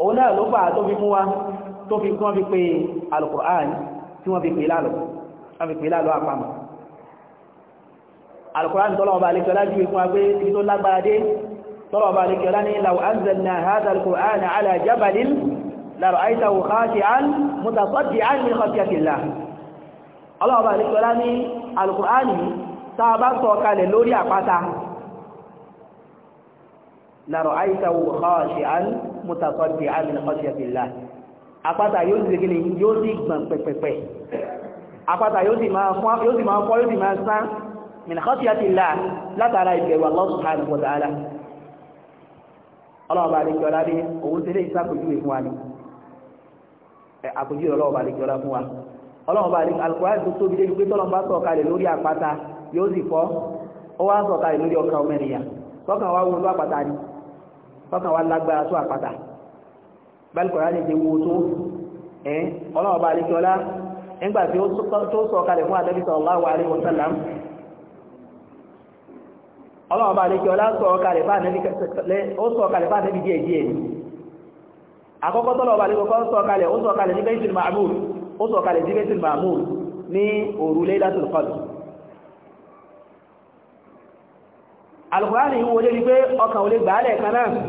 òun náà ló fà tó fi mú wa tó fi kí wọ́n fi pé alukur'an tí wọ́n fi pè lálọ́ wọ́n fi pè lálọ́ àpamọ́ alukur'an tọ́lọ́wọ́ bá alẹ́kẹ́ lájú ikú agbé ibi tó lágbára dé tọ́lọ́wọ́ bá alẹ́kẹ́ lá ní law anzalna hadha alukur'an lara'aytahu khashi'an mutasaddi'an min khashyatillah àpáta yóò sì gíní yóò sì gbọ̀n pẹ̀pẹ̀pẹ̀ àpáta yóò sì máa fọ́ yóò sì máa sán min khashyatillah látara ìbẹ̀wò Allah subhanahu wa ta'ala ọlọ́ọ̀bà àdéjọ́lá ní òun tẹ́lẹ̀ ìsàkójúwe fún wa ní àkójúwe ọlọ́ọ̀bà àdéjọ́lá fún wa ọlọ́ọ̀bà àdéjọ́lá alukóyà tó tóbi débi pé tọ́lọ́n bá sọ̀kalẹ̀ lórí àpáta yóò sì fọ́ ó wá sọ̀kalẹ̀ lórí ọkà ọmọ ènìyàn tọ́kàn wá wọn ló àpáta tọ́kàn wá lágbára tó àpáta bálùkọ̀rá lè jẹ wo tó ẹ́n ọlọ́ọ̀bá alẹ́kọ́lá nígbà tí ó sọ kalẹ̀ fún Ànábì sallallahu alaihi wasallam ọlọ́ọ̀bá alẹ́kọ́lá sọ kalẹ̀ fún Ànábì díẹ̀ díẹ̀ àkọ́kọ́ tọ́lọ̀ọ̀bá sọ kalẹ̀ ó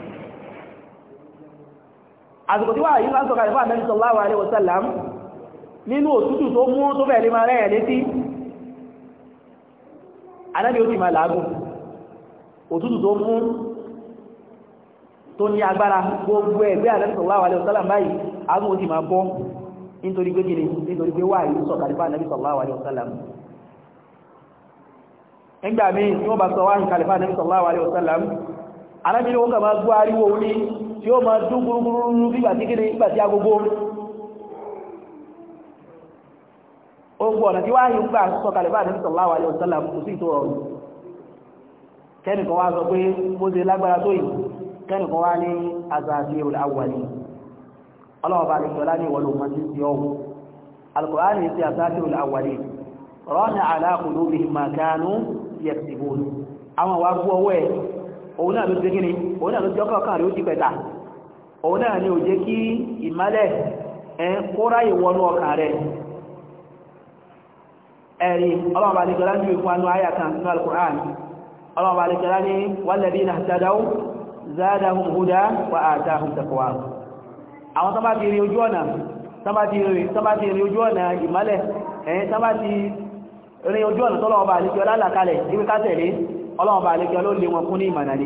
àsìkò tí wà yìí láti sọ̀kà ìfà mẹ́rin sallallahu alaihi wasallam nínú òtútù tó mú tó bẹ̀rẹ̀ lè máa rẹ̀ létí anábi ó ti máa làágùn òtútù tó mú tó ní agbára gbogbo ẹgbẹ́ anábi sallallahu alaihi wasallam báyìí agùn ó ti máa bọ́ nítorí pé kìnnì nítorí pé wà yìí tí ó máa dún gbúrúgbúrú nígbà tí kéde nígbà tí agogo ogun ọ̀nà tí wáyé ń gbà sọ̀kalẹ̀ bá àdé sallallahu alaihi wasallam kò sí ìtòrọ̀ kẹ́nìkan wá sọ pé mo ṣe lágbára tó yìí kẹ́nìkan wá ní àzàzí awwali ọlọ́wọ́ bá nìkan lá ní ìwọ̀lú ọmọ tí ń ti ọ̀hún alkùránì ti àzàzí òun náà ni ò jẹ́ kí ìmálẹ̀ ẹn kóra ìwọnú ọkàn rẹ̀ ẹ̀rí ọlọ́ọ̀bà lè gọ́lá ní ìfúnnú ayàkan ní al-Qur'an ọlọ́ọ̀bà lè gọ́lá ní walladhina ihtadaw zadahum huda wa atahum taqwa àwọn tán bá ti rí ojú ọ̀nà tán bá ti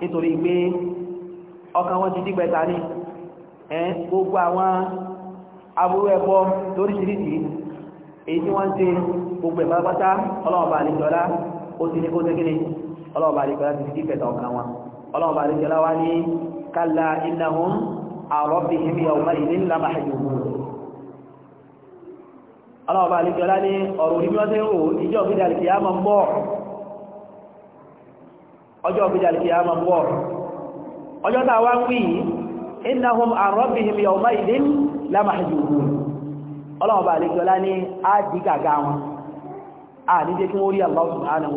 nítorí pé ọkàn wọn ti dígbẹ̀ta ní ẹn gbogbo àwọn aburú ẹbọ lóríṣìíríṣìí èyí tí wọ́n ń ṣe gbogbo ẹ̀bá pátá ọlọ́ọ̀bà àlejọ́lá ó ti ní kó tẹ́kíní ọlọ́ọ̀bà àlejọ́lá ti dígbẹ̀ta ọkàn wọn ọlọ́ọ̀bà àlejọ́lá wá ọjọ́ ọgbẹ̀jà lè kíyàmà ń bọ̀ ọjọ́ tàà wá ń wí innahum arọ́bìhìm yawma idin lamahjubun ọlọ́ọ̀bà àlejọ́lá ní á dì gàgá wọn a ní jẹ́ kí wọ́n rí Allah subhanahu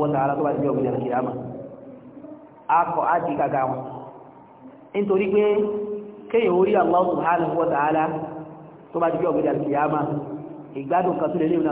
wa ta'ala tó bá jẹ́ á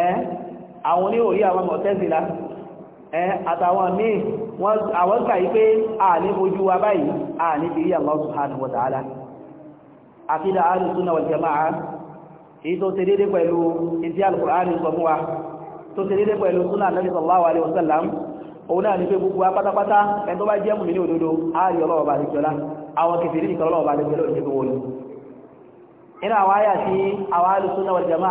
ẹ́ àwọn ní orí àwọn mọ̀tẹ́sìlá ẹ́ àtàwọn míì wọ́n àwọn kàí pé a ní ojú wa báyìí a ní fi rí Allah subhanahu wa ta'ala àkídà ahlus sunnah wal jama'a èyí tó ṣe dédé pẹ̀lú ìdí alkùnrin sọ fún wa tó ṣe dédé pẹ̀lú súnà nabi sallallahu alaihi wasallam òun náà ní pé gbogbo apátápátá ẹni tó àwọn kèfèrí nìkan ọlọ́wọ́ bá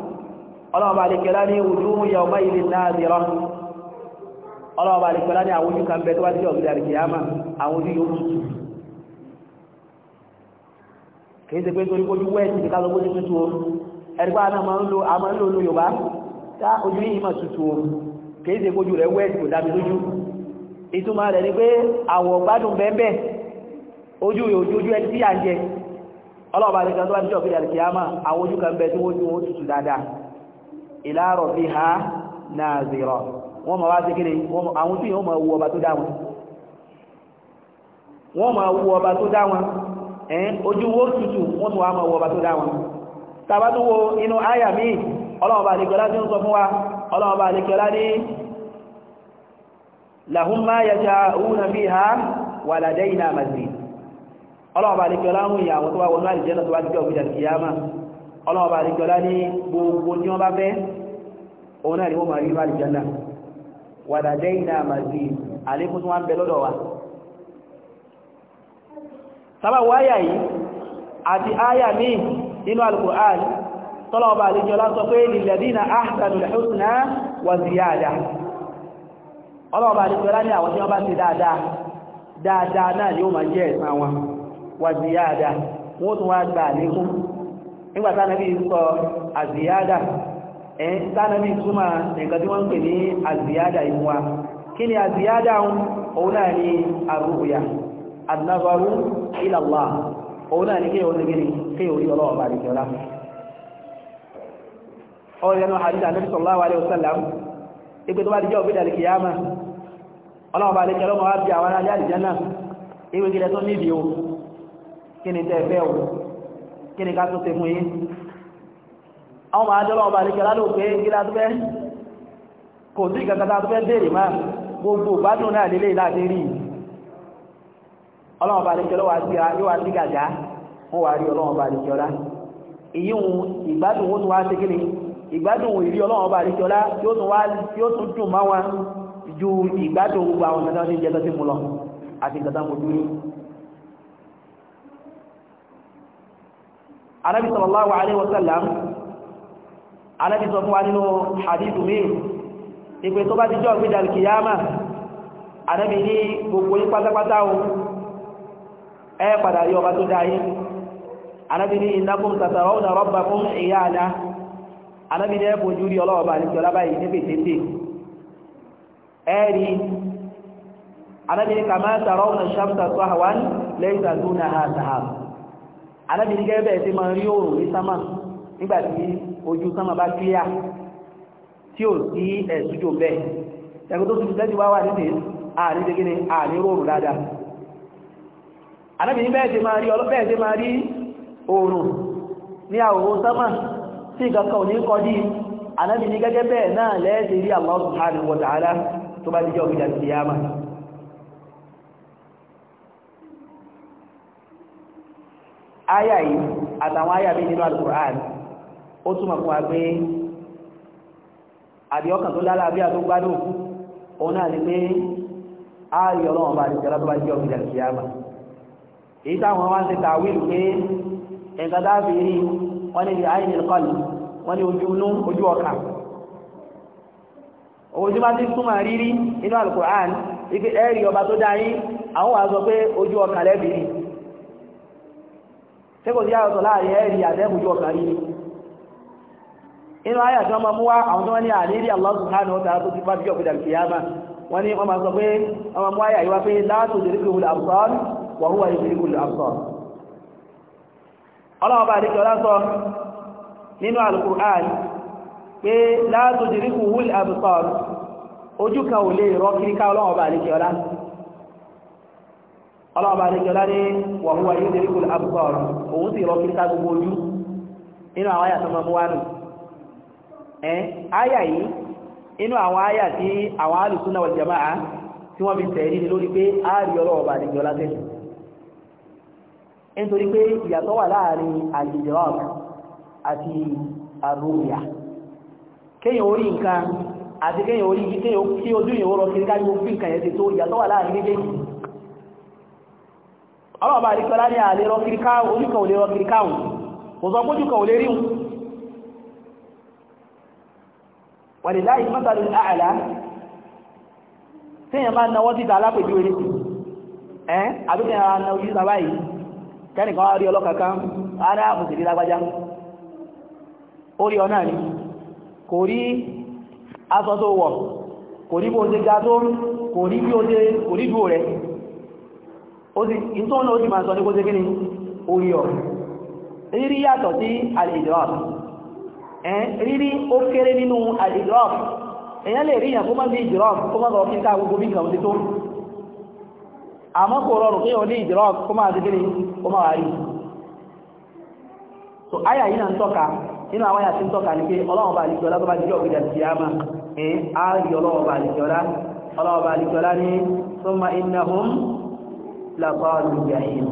ọlọ́ọ̀bà àdìkẹ́lá ní wujuhu yawmaidhin nadira ọlọ́ọ̀bà àdìkẹ́lá ní àwọn ojú kan bẹ tó wá sí ọ̀gbẹ̀dẹ̀ àdìkẹ́yàmà àwọn ojú yóò tutù kìí ṣe pé torí kójú wẹ́ẹ̀tì ní kálọ́ ojú tutù o ẹ̀rígbà náà máa ń lo àmọ́ ń lò ní yorùbá tá ojú yìí mà tutù o kìí ṣe kójú rẹ̀ wẹ́ẹ̀tì kò dámi lójú ìtumọ̀ rẹ̀ ni ila rabbiha nazira wọ́n ma wá sí kí ni àwọn tí yóò ma wu ọba tó dá wọn wọ́n ma wu ọba tó dá wọn ẹ̀yìn ojú wó tutù wọ́n wá ma ọba tó dá wọn tàbátúwò inú àyà ọlọ́ọ̀bà àlekọ́lá tí ó ń sọ fún wa ọlọ́ọ̀bà àlekọ́lá ní ọlọ́ọ̀bà àlekọ́lá ń àwọn tó wá ọlọ́ọ̀bà àríjọlá ní gbogbo ní wọ́n bá òun náà ni wọ́n máa rí bá àríjọ́nà wàdàdẹ́ ìdá àmàzí àlékún tó wá ń bẹ lọ́dọ̀ wa ya áyà yìí àti áyà míì nínú Al-Qur'an sọ wa ziyada wọ́n tún wá nígbà tánàbí sọ àzíyádà ẹ̀ tánàbí súnmà nǹkan tí wọ́n ń pè ní àzíyádà ìmúwa kí ni àzíyádà òun náà ni àrùbùyà àdínáfàrú ìlàlá òun náà ni kí o nígbìrì kí o rí ọlọ́wọ́ bá dìkẹ́lá ọ̀rẹ́nu àdíjà ní sọ̀láwà alẹ́ òsàlám ipé tó bá dìjọ́ òbí dàlì kìyàmà ọlọ́wọ́ bá dìkẹ́lá ọmọ wá bí àwọn alájá àdìjá náà ìwé gílẹ̀ tó níbi o kí ni tẹ́ fẹ́ kí ni ká tó ṣe fún yín àwọn máa jọ́lọ́ ọba àríkẹ́ lálò pé kí látúfẹ́ kò sí ìkàkàtà tó fẹ́ dèrè máa gbogbo gbádùn náà lélẹ̀ láti rí ọlọ́wọ́ bá àríkẹ́ lọ́wọ́ àti yíwa sí gàjá wọ́n wà rí ọlọ́wọ́ bá àríkẹ́ ọlá ìyíhun ìgbádùn ó tún wá sí kíni ìgbádùn ìrí ọlọ́wọ́ bá àríkẹ́ ọlá yóò tún dùn máa wọn ju ìgbádùn gbogbo àwọn ìgbádùn jẹ́ tó ti mú lọ àti ìgbádùn gbogbo anábì sallallahu alaihi wasallam anábì sọ fún wa nínú hadithu mi ìpè tó bá ti jọ́ ìgbéjà kìyàmà anábì ní gbogbo yín pátápátá o ẹ padà rí ọba tó dáyé anábì ní innakum satarawna rabbakum iyala anábì ní ẹ̀kọ́ ojú rí ọlọ́ọ̀bà ní ìjọba báyìí ní pètètè ẹ̀rí anábì ní kama tarawna shamsa sahwan laysa dunaha sahab alábìnrin gẹ́gẹ́ bẹ́ẹ̀ sí máa rí oòrùn ní sánmà nígbàtí ojú sánmà bá tí ò sí ẹ̀sùjò tó tuntun tẹ́jú wá wà alábìnrin bẹ́ẹ̀ sí máa rí oòrùn ní àwòrán sánmà tí ìkankan ní kọjí áyà yìí àtàwọn áyà bí nínú alukur'an ó túnmọ̀ fún wa pé àdìọ́kàn tó lára bí a tó gbádùn òun náà ni pé áàrí ọlọ́run bá àdìsẹ́lá tó bá jẹ́ ọ̀gbìn àdìsíyàmà èyí táwọn wá ń ṣe tàwílù pé nǹkan dáàbì rí wọ́n ní àìní ìkọlù wọ́n ní ojú inú ojú ọkà ojú bá ti súnmọ̀ rírí inú alukur'an ẹ̀rí ọba tó dá yín àwọn wà sọ pé ojú ọkà lẹ́bìí tẹ́kọ̀ sí àrọ̀tọ̀ láàrin ẹ̀rí àdẹ́bùjú ọ̀kàrí ni inú ayà tí wọ́n máa mú wá àwọn tó wọ́n ní àlérí Allah subhanahu wa ta'ala tó ti bá bí ọ̀pẹ̀dà kìyàmá wọ́n ní wọ́n máa sọ pé wọ́n máa mú ayà yíwá pé láàtò ìdíríkùn al-absar wa huwa ìdíríkùn al-absar ọlọ́wọ́ bá dìkọ̀ lásọ nínú ọlọ́ọ̀bá àríkẹ́lá ní wàhúwà yóò dérí kùl abúkọ̀ọ̀rọ̀ òun sì rọ kíríká gbogbo ojú inú àwọn àyà tó mọ́ mú wá nù ẹ́ àyà yìí inú àwọn àyà tí àwọn alùsúnà wal jamaa tí wọ́n fi tẹ̀rí ní lórí pé ààrí ọlọ́ọ̀bá àríkẹ́lá tẹ̀lé nítorí pé ìyàtọ̀ wà láàrin al-idrak àti ar-ru'ya kéèyàn orí nǹkan àti ọlọ́ọ̀bá àríkọlá ní àlè rọ kìríká oníkà ò lè rọ kìríká òun kò sọ pójú kà ò lè ríun wàlè láì mọ́tàlù àlá tíyàn bá náwọ́ títà alápèjú eré ẹ́ àbíkẹ́ ara náà ojú sábà yìí kẹ́nìkan wá rí ọlọ́kankan ara mùsùlùmí lágbájá ó rí ọ náà ni kò rí aṣọ tó wọ̀ kò rí bó ṣe ga tó kò rí bí ó ṣe kò rí dúó rẹ̀ ìtọ́nà ó ti ma sọ ní kó tẹ́kí ni orí ọ̀rọ̀ rírí yàtọ̀ sí al-idrak rírí ó kéré nínú al èyàn lè ríyàn kó má ní idrak kó má lọ kíkà gbogbo bí nǹkan tító àmọ́ kò rọrùn kéyàn ní kó má kó má wà rí so àyà yìí náà ń tọ́ka nínú àwọn làbáàlù jahim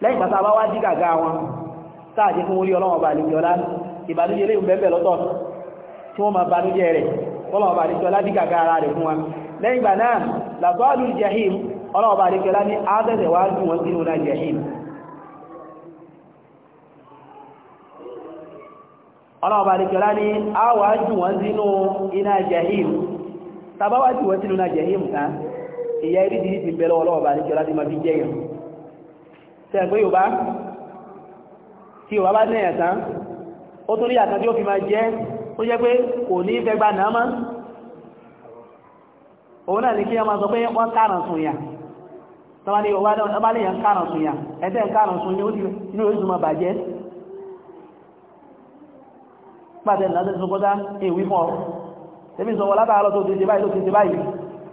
lẹ́yìn pàtàkì àbáwá gàgá wọn sáàjẹ́ fún orí ọlọ́wọ̀n bá nìjọ lá ìbànújẹ́ lè bẹ̀ẹ̀bẹ̀ lọ́tọ̀ tí wọ́n ma bànújẹ́ rẹ̀ ọlọ́wọ̀n nìjọ lá ara rẹ̀ fún náà ìyá erídìí ti bẹ̀rẹ̀ ọlọ́wọ́ bá níjọ́ láti máa fi jẹ́ yàn tẹ́ pé yorùbá tí yorùbá bá nẹ̀yàn tán ó tún rí àtàn tí ó fi máa jẹ́ ó jẹ́ pé kò ní fẹ́ gba náà mọ́ òun náà ní kí wọ́n sọ pé wọ́n káràn sùn yà tọ́wọ́n ní yorùbá náà bá lèyàn káràn sùn yà ẹ̀tẹ́ káràn sùn ní inú oṣù máa bàjẹ́ pàtẹ́ ìlànà tó kọjá èwì fún ọ tẹ́bí sọ wọ́n látàárọ̀ tó báyìí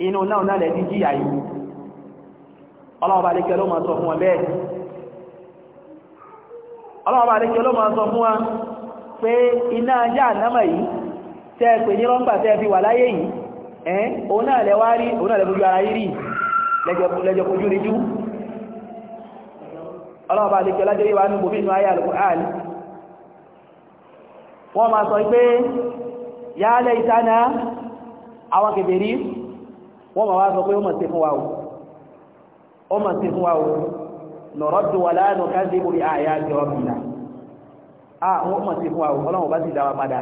inú náà náà lẹ́bí jíyà yìí ọlọ́ọ̀bá lẹ́kẹ́ ló máa sọ fún wa bẹ́ẹ̀ ọlọ́ọ̀bá lẹ́kẹ́ ló máa sọ fún wa pé iná ajá ànámà yìí tẹ́ pè ní rọ́ǹgbà tẹ́ fi wà láyé yìí ẹ́ àwọn kèbèrè wọ́n ma wá sọ pé ó mọ̀ sí fún wa o ó mọ̀ sí fún wa o nọ̀rọ̀dù wà láàánú káàdé orí àyà àti ọ̀bìnà a wọ́n mọ̀ sí fún wa o ọlọ́run bá sì dáwà padà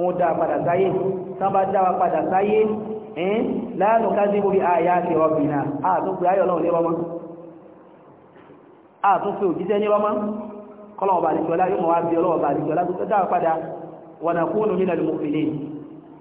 wọ́n dáwà padà sáyé tán bá dáwà padà sáyé ẹ́n láàánú káàdé orí àyà àti ọ̀bìnà a òjíṣẹ́ ní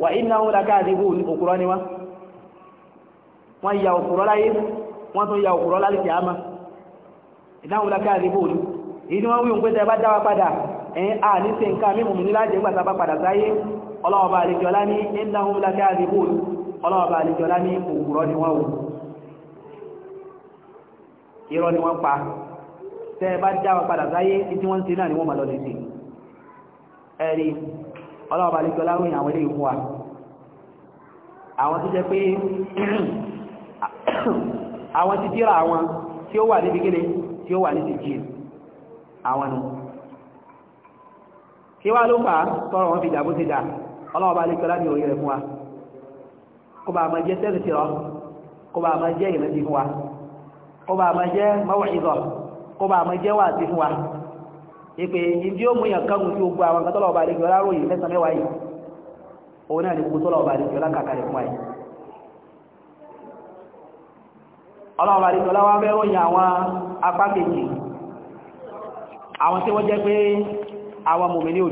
wà iná ó lákà àdìbò òkúrọ́ ni wá wọ́n ya òkúrọ́ láyé wọ́n tún ya òkúrọ́ láti kìí àmà ìdáhùn lákà àdìbò ni èyí wọ́n wí òǹpẹ́ bá dáwà padà ẹ̀yìn a ní ṣe nǹkan mímú ní láti ìgbà sábà padà sáyé ọlọ́ọ̀bà àlejòlá ní ìdáhùn lákà àdìbò ọlọ́ọ̀bà àlejòlá ní òkúrọ́ ni wọ́n wò irọ́ ni wọ́n pa tẹ́ bá ni wọ́n mà lọ lè ọlọ́ọ̀bà lè gbọ́lá ròyìn àwọn ilé ìfún wa àwọn tó jẹ́ pé àwọn ti tíra àwọn tí ó wà níbi gíní tí ó wà ní ti jíì àwọn nù kí wá ló fà tọrọ wọn fi dàbó ti dà ọlọ́ọ̀bà lè gbọ́lá ní òye rẹ̀ fún wa kó bá máa jẹ́ sẹ́rì tìrọ kó bá máa jẹ́ ìrántí fún wa kó bá máa jẹ́ mọ́wọ̀ ìzọ̀ kó bá máa jẹ́ wà sí fún wa ìpè ìdí ó mú yàn kágun tí ó gbọ́ àwọn nǹkan tọ́lọ̀ ọba àdéjọ́ láró yìí mẹ́sàn mẹ́wàá yìí òun náà ní gbogbo tọ́lọ̀ ọba àdéjọ́ lákàkàlẹ̀ fún àyè ọlọ́ọba àdéjọ́ láwá fẹ́ ròyìn àwọn apá kejì àwọn tí wọ́n jẹ́ pé àwọn mùmínì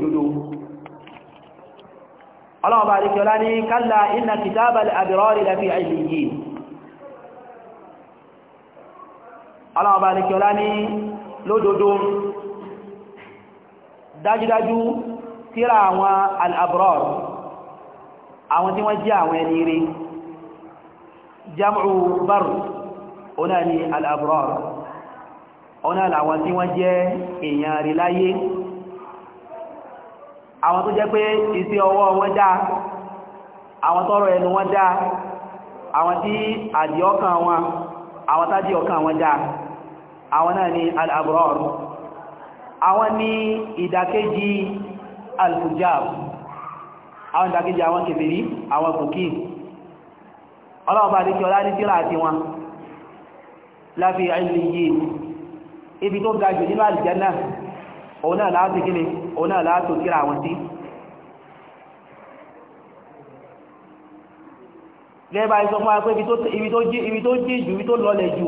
ní kálá inna dájúdájú tíra àwọn al-abrar àwọn tí wọ́n jẹ́ àwọn ẹni rí jam'u bar ọ̀nà ni al ọ̀nà làwọn tí wọ́n jẹ́ èèyàn rí láyé àwọn tó jẹ́ pé iṣẹ́ ọwọ́ wọn dá àwọn tọ́rọ ẹnu dá àwọn tí wọn àwọn tájí ọkàn wọn dá àwọn náà ni al àwọn ní ìdàkejì al-fujab àwọn ìdàkejì àwọn kèfèrí àwọn kòkí ọlọ́ọ̀bá ní kí ọlá ní tíra àti wọn láfi iliyyin ibi tó ga jù nínú àlìjánà òun náà láti kí ni òun náà láti tíra àwọn sí gẹ́gbà ìsọ fún wa ibi tó jí jù ibi tó lọlẹ̀ jù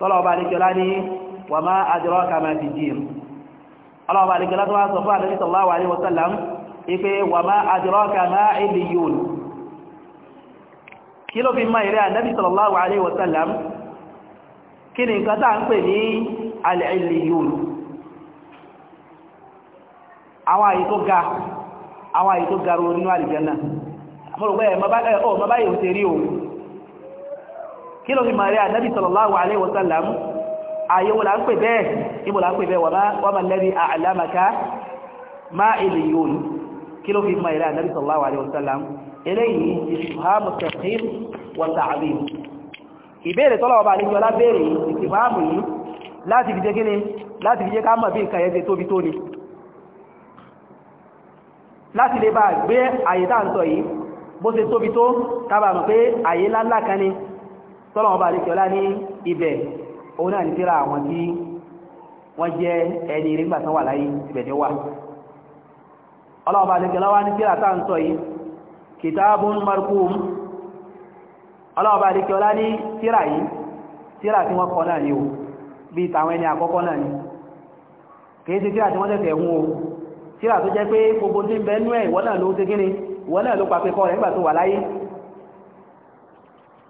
tọ́lọ̀ọba àríkẹ́lá ní wà máa àjọrọ̀ kàmà ti jí ọlọ́ọba àríkẹ́lá tó wá sọ fún àdébí sọ̀láwà àríwọ̀ sálàm ipé wà máa àjọrọ̀ kàmà ilé yóò kí ló fi máa ìrẹ́ àdébí sọ̀láwà àríwọ̀ sálàm kí ni nǹkan táà ń àwọn àyè tó ga àwọn àyè tó ga ro nínú àlìjẹ́nà mọ́rùn-ún ẹ̀ mọ́báyé ò kí ló fi máa rí ànábì sallallahu alaihi wasallam àyẹ̀wò là ń pè bẹ́ẹ̀ ìbò là ń pè bẹ́ẹ̀ wa ma alladhi a'lamaka ma iliyun kí ló fi máa rí ànábì sallallahu alaihi wasallam eléyìí ìfìhàmù tẹ̀síf wa ta'dhim ìbéèrè tọ́lọ̀ ọba àlejò alábẹ́rẹ̀ ìfìhàmù yìí láti fi jẹ́ kíni láti fi jẹ́ ká mọ̀ bí nǹkan ẹ̀ẹ́sẹ̀ bó ṣe tóbi tó ká pé àyè láńlá kan ni tọ́lọ̀ ọba àríkẹ́ọ́lá ní ibẹ̀ òun náà ní tíra àwọn tí wọ́n jẹ́ ẹni ìrìngbà tán wà láyé ìbẹ̀dẹ̀ wà ọlọ́ọba àríkẹ́ọ́lá wá ní tíra táà sọ yìí ọlọ́ọba ní tíra yìí tíra tí wọ́n kọ náà ni o bí tàwọn ẹni àkọ́kọ́ náà ni kìí tíra tí wọ́n o tíra tó jẹ́ pé gbogbo tí ń bẹ́ẹ̀ nú ẹ̀ wọ́n náà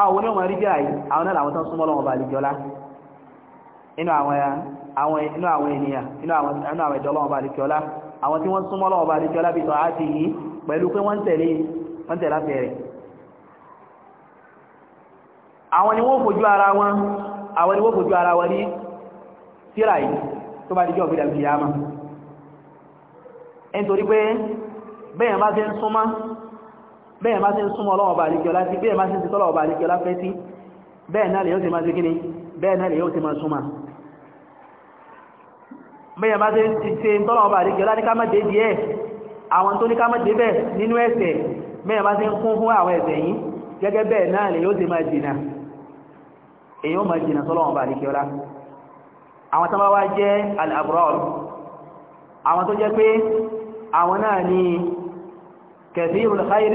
àwọn onímọ̀ rí bíra yìí àwọn náà àwọn tán súnmọ́ lọ́wọ́ bá lè jọlá inú àwọn ènìyàn inú àwọn ìjọ lọ́wọ́ bá lè jọlá àwọn tí wọ́n súnmọ́ lọ́wọ́ bá lè jọlá bí tọ́ á ti yìí pẹ̀lú pé wọ́n tẹ̀lé wọ́n tẹ̀lá bẹ́ẹ̀ máa ti ń súnmọ́ ọlọ́wọ́ bá àlíkẹ́ ọlá sí bẹ́ẹ̀ máa ti ń ti tọ́lọ́wọ́ bá àlíkẹ́ ọlá fẹ́ sí bẹ́ẹ̀ náà lè yóò ti máa ṣe kíni bẹ́ẹ̀ náà lè yóò ti máa súnmọ́ bẹ́ẹ̀ máa ṣe ń ti máa bá àlíkẹ́ ọlá àwọn tó bá wá jẹ́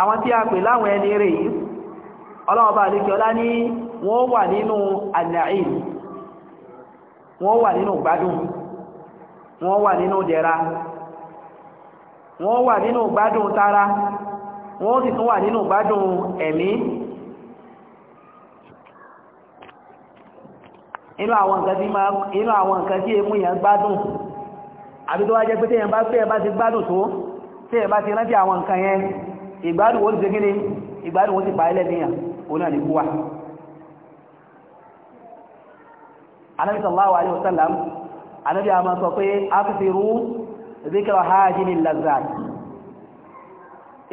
àwọn tí a pè láwọn ẹni rẹ̀ yìí ọlọ́ọ̀bá àdékẹ́ọlá ní wọ́n wà nínú àdáìm wọ́n wà nínú gbádùn wọ́n wà nínú dẹ̀ra wọ́n wà nínú gbádùn tara wọ́n sì tún wà nínú gbádùn ẹ̀mí inú àwọn nǹkan tí máa inú àwọn nǹkan tí èmú yẹn gbádùn àbí tó wá jẹ́ pé téèyàn bá bá gbádùn tó téèyàn bá ti rántí àwọn nǹkan yẹn ìgbádùn wọ́n ti ṣe kíni ìgbádùn wọ́n ti pa ẹlẹ́dìyàn òun náà ní kú wa anábì sallallahu alayhi wa sallam anábì a máa sọ pé a fi fi rú zikra hajjini lazat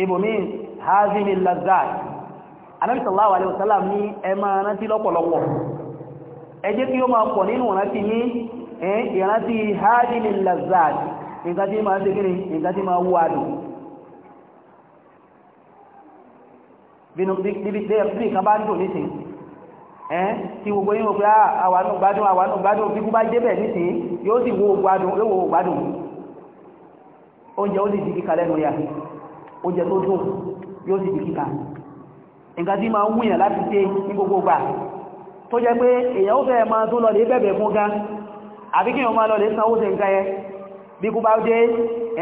ibùmí hajjini lazat anábì sallallahu alayhi wa sallam ní ẹ máa rántí lọ́pọ̀lọpọ̀ ẹ jẹ́ kí ó máa pọ̀ nínú rántí yín ìrántí hajjini lazat bínú níbi tí nǹkan bá ń dùn nísìn ẹ́n eh, tí gbogbo yín wò pé àwànú gbádùn àwànú gbádùn bí kú bá débẹ̀ nísìn yóò sì wo ah, gbádùn yóò wo gbádùn oúnjẹ ó sì di kíkà lẹ́nu ya oúnjẹ tó dùn yóò sì di kíkà nǹkan tí máa ń wùyàn láti ṣe ní gbogbo gbà tó jẹ́ pé èèyàn ó fẹ́ máa tó lọ lè bẹ̀bẹ̀ fún gan àbí kí máa lọ lè sanwó ṣe nǹkan yẹn bí kú bá dé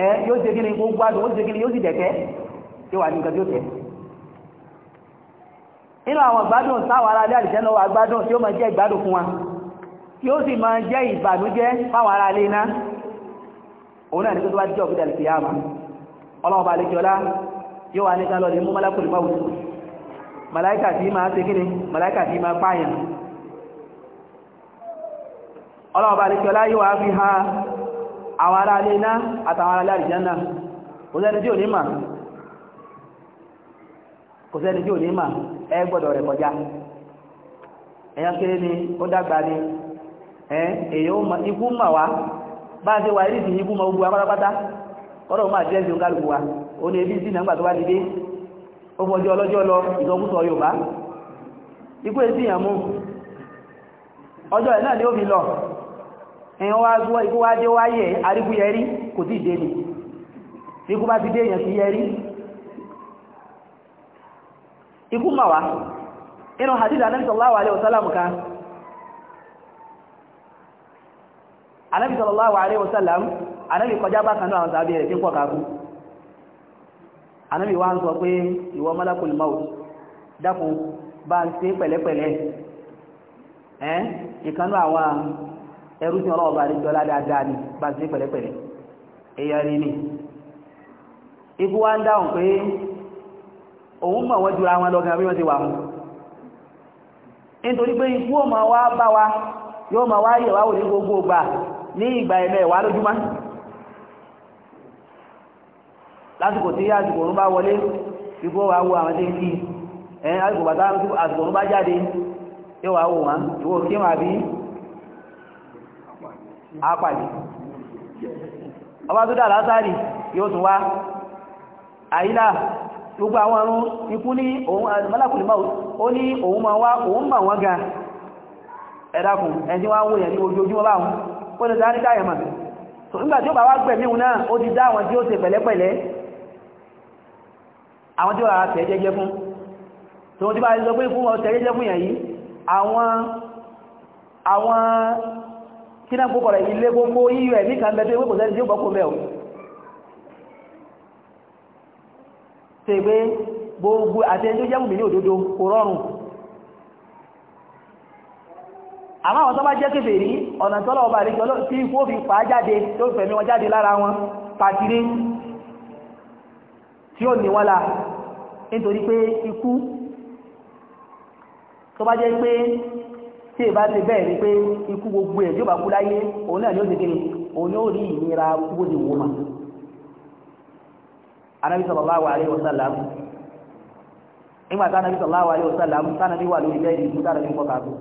ẹ yóò ṣe kí ni kó gbádùn ó ṣe kí ni yóò sì dẹ̀kẹ́ yóò wà ní nǹkan tí ó tẹ̀ inú àwọn ìgbádùn táwọn ará ilé àlìjẹ́nà gbádùn tí ó ma jẹ́ ìgbádùn fún wa tí ó sì máa jẹ́ ìbànújẹ́ fáwọn ará ilé iná òun náà ní tó tó bá jẹ́ òkúta lè fi yáàmà ọlọ́run bá lẹ́kẹ́ ọlá yóò wá nígbà lọ́dẹ mú mọ́lákùn kò sẹ́ni tí ò ní mà ẹ gbọ́dọ̀ rẹ̀ kọjá kéré ni ó dàgbà ni ikú mà wá bá ṣe wà ikú ma gbogbo apátápátá ọ̀rọ̀ máa jẹ́ wa ó ní ebi sí nàgbà tó bá dìde ó fọjọ́ ọlọ́jọ́ lọ Yorùbá ikú ikumawa inu hadith anabi sallallahu alaihi wasallam ka anabi sallallahu alaihi wasallam anabi kojaba kanu awon sabi re kin ko ka ku anabi wa so pe iwo malakul maut dafu ba nse pele pele eh ikanu awa eru ti olorun ba ri jola daada ni ba nse pele pele eya ri ni iku wa down òun mọ̀ wọ́n jùra wọn lọ́gbọ̀n bí ti wà mú nítorí pé ikú o máa wá bá wa yóò máa wá yẹ̀wá wò ní gbogbo ìgbà ní ìgbà ẹ̀mẹ́ wà lójúmọ́ lásìkò tí àsìkò òun bá wọlé wa wo àwọn tí ń kí ma bi alasari gbogbo àwọn arún ikú ní òun àdìmọ́lákùnlé máa ó ní òun ma wá òun mà wọ́n ga ẹ̀dàkùn ẹni wá wòyà ní ojoojúmọ́ báwọn ó lè dáa ní dáyàmà so nígbà tí ó bá wá gbẹ̀míhun náà ó ti dá àwọn tí ó ṣe pẹ̀lẹ́pẹ̀lẹ́ àwọn tí ó rà tẹ̀ jẹ́jẹ́ fún tó ti bá sọ pé fún ọ̀tẹ̀ jẹ́jẹ́ fún yàyí àwọn àwọn kí náà kó kọ̀rọ̀ ilé gbogbo yíyọ ẹ̀mí kan bẹ́ẹ̀ tó wípò sẹ́ni ṣe pé gbogbo àtẹni tó jẹ́ mùmí ní òdodo kò rọrùn àmọ́ àwọn tó bá jẹ́ kèfèrí ọ̀nà tọ́lọ̀ ọba àríkẹ́ tí ikú ó fi pa á jáde tó fẹ̀mí wọn jáde lára wọn pàtírí tí ó ní wọ́n la nítorí pé ikú tó bá jẹ́ pé tí ìbá ti bẹ́ẹ̀ ni pé ikú gbogbo ẹ̀ tí ó bá kú láyé òun náà ni ó ti kiri òun ni rí ìnira gbogbo ìwòmọ̀ anabi sallallahu alayhi wa sallam nígbà tí anabi sallallahu alayhi wa sallam sanabi wà lórí bẹ́ẹ̀ ìlú sára ní kọ́ta tó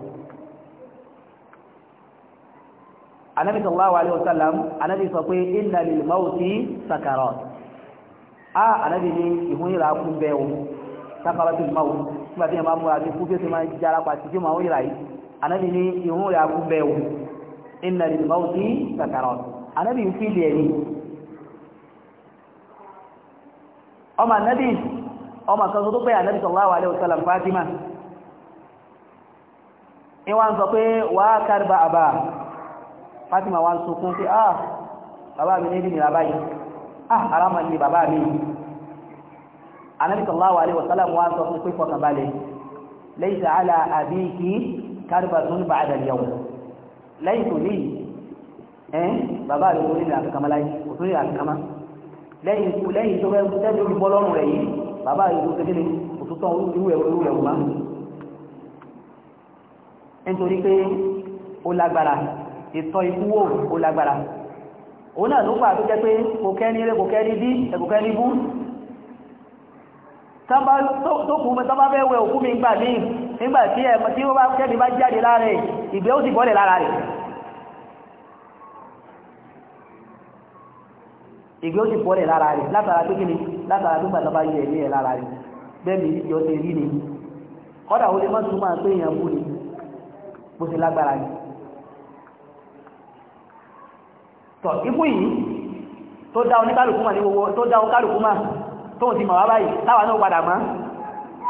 anabi sallallahu alayhi wa sallam anabi sọ pé inna lil mawti sakarat a anabi ní ìhun ìlà kún bẹ́ẹ̀ o sakaratul maut nígbà tí yẹn máa múra ní kúfẹ́ sí máa jára pàtí tí máa ń yìrà anabi ní ìhun ìlà kún bẹ́ẹ̀ o inna lil mawti sakarat anabi fi lè ọmọ ànábì ọmọ àkọsọ tó pé ànábì sallallahu alaihi wasallam Fatima ní wọ́n sọ pé wà á kárìbà àbá Fatima wọ́n sunkún pé ah bàbá mi níbi nìra báyìí ah aráma ní bàbá mi ànábì sallallahu alaihi wasallam wọ́n sọ fún pé fọkànbalẹ̀ laysa ala abiki karibatun ba'da al-yawm lẹ́yìn tó ní ẹ̀ bàbá rẹ̀ kò ní ìlànà kàmá láyé kò tó lẹ́yìn ikú lẹ́yìn tó fẹ́ tẹ́lẹ̀ olùbọ́ lọ́rùn rẹ̀ yìí bàbá ìlú kékeré òtútọ́ irú ẹ̀ olú rẹ̀ wà nítorí pé ó lágbára ìtọ́ ikú wò ó lágbára òun náà ló pà tó jẹ́ pé kò kẹ́ni rẹ̀ kò kẹ́ni bí ẹ̀kò kẹ́ni bú tó kù mẹ́ta bá fẹ́ wẹ òkú mi gbà ní nígbà tí ẹ̀mọ̀ tí ó bá kẹ́ni bá jáde lára rẹ̀ ìgbé ó sì bọ́lẹ̀ lára rẹ̀ ìgbé ó sì bọ́lẹ̀ lára rẹ̀ látara pé kíni látara tó gbàtà bá yẹ ẹ̀mí ẹ̀ lára rẹ̀ bẹ́ẹ̀ni yọ ti rí ni kọ́dà ó lè má túmọ̀ pé èèyàn bú ni bó ṣe lágbára ni. tọ̀ ikú yìí tó dá oníkálukú mà ní gbogbo tó dá oníkálukú mà tóun ti mọ̀ wá báyìí táwa náà padà mọ́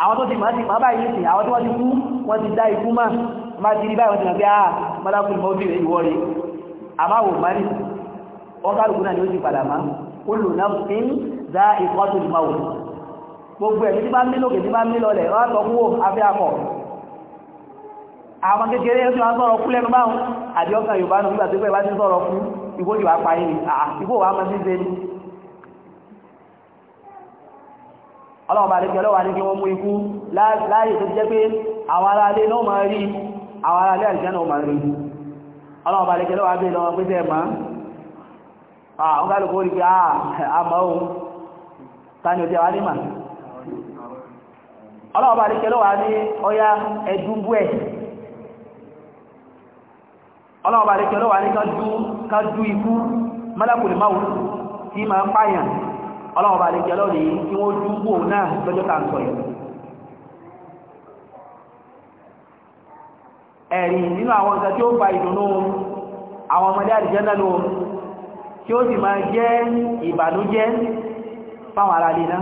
àwọn tó ti mọ̀ ti mọ̀ báyìí nìsín àwọn tí wọ́n ti kú wọ́n ti dá ikú mà má ti rí báyìí wọ́n ti mọ̀ pé ah mọ́lákùnrin mọ́ ọkàlùkù náà ni ó ti padà máa kullu nafsin dha'iqatul maut gbogbo ẹ̀mí tí bá ń mílòkè tí bá ń mílọlẹ̀ rọ́tọ̀kúwò afẹ́ akọ̀ àwọn kékeré tí wọ́n sọ̀rọ̀ kú lẹ́nu báhùn àdíọ́kàn Yorùbá náà nígbà tó pẹ́ bá ti sọ̀rọ̀ kú ìgbójú wa pa yìí ìgbó wa mọ́ sí ṣe ní ọlọ́ọ̀bà lẹ́kẹ́ ọlọ́wà ní kí wọ́n mú ikú láàyè tó jẹ́ pé àwọn ará alé náà máa rí àwọn ará alé àìsàn náà máa rí ọlọ́ọ̀bà lẹ́kẹ́ ọlọ́wà bẹ́ẹ̀ lọ́wọ́ pé àwọn kálùkù ó rí pé àmọ́ ohun tani òjẹ́ wà ní mà ọlọ́ọ̀bá àríkẹ́ lọ́wà ní ọya ẹ̀dúnbú ẹ̀ ọlọ́ọ̀bá àríkẹ́ lọ́wà ka kájú iku mọ́lákùnlé máwù tí ma ń pààyàn ọlọ́ọ̀bá dị lọ́rí kí wọ́n na nínú àwọn tí ó fa àwọn ọmọdé àdìjẹ́ náà tí ó sì máa jẹ́ ìbànújẹ́ fáwọn aráalé náà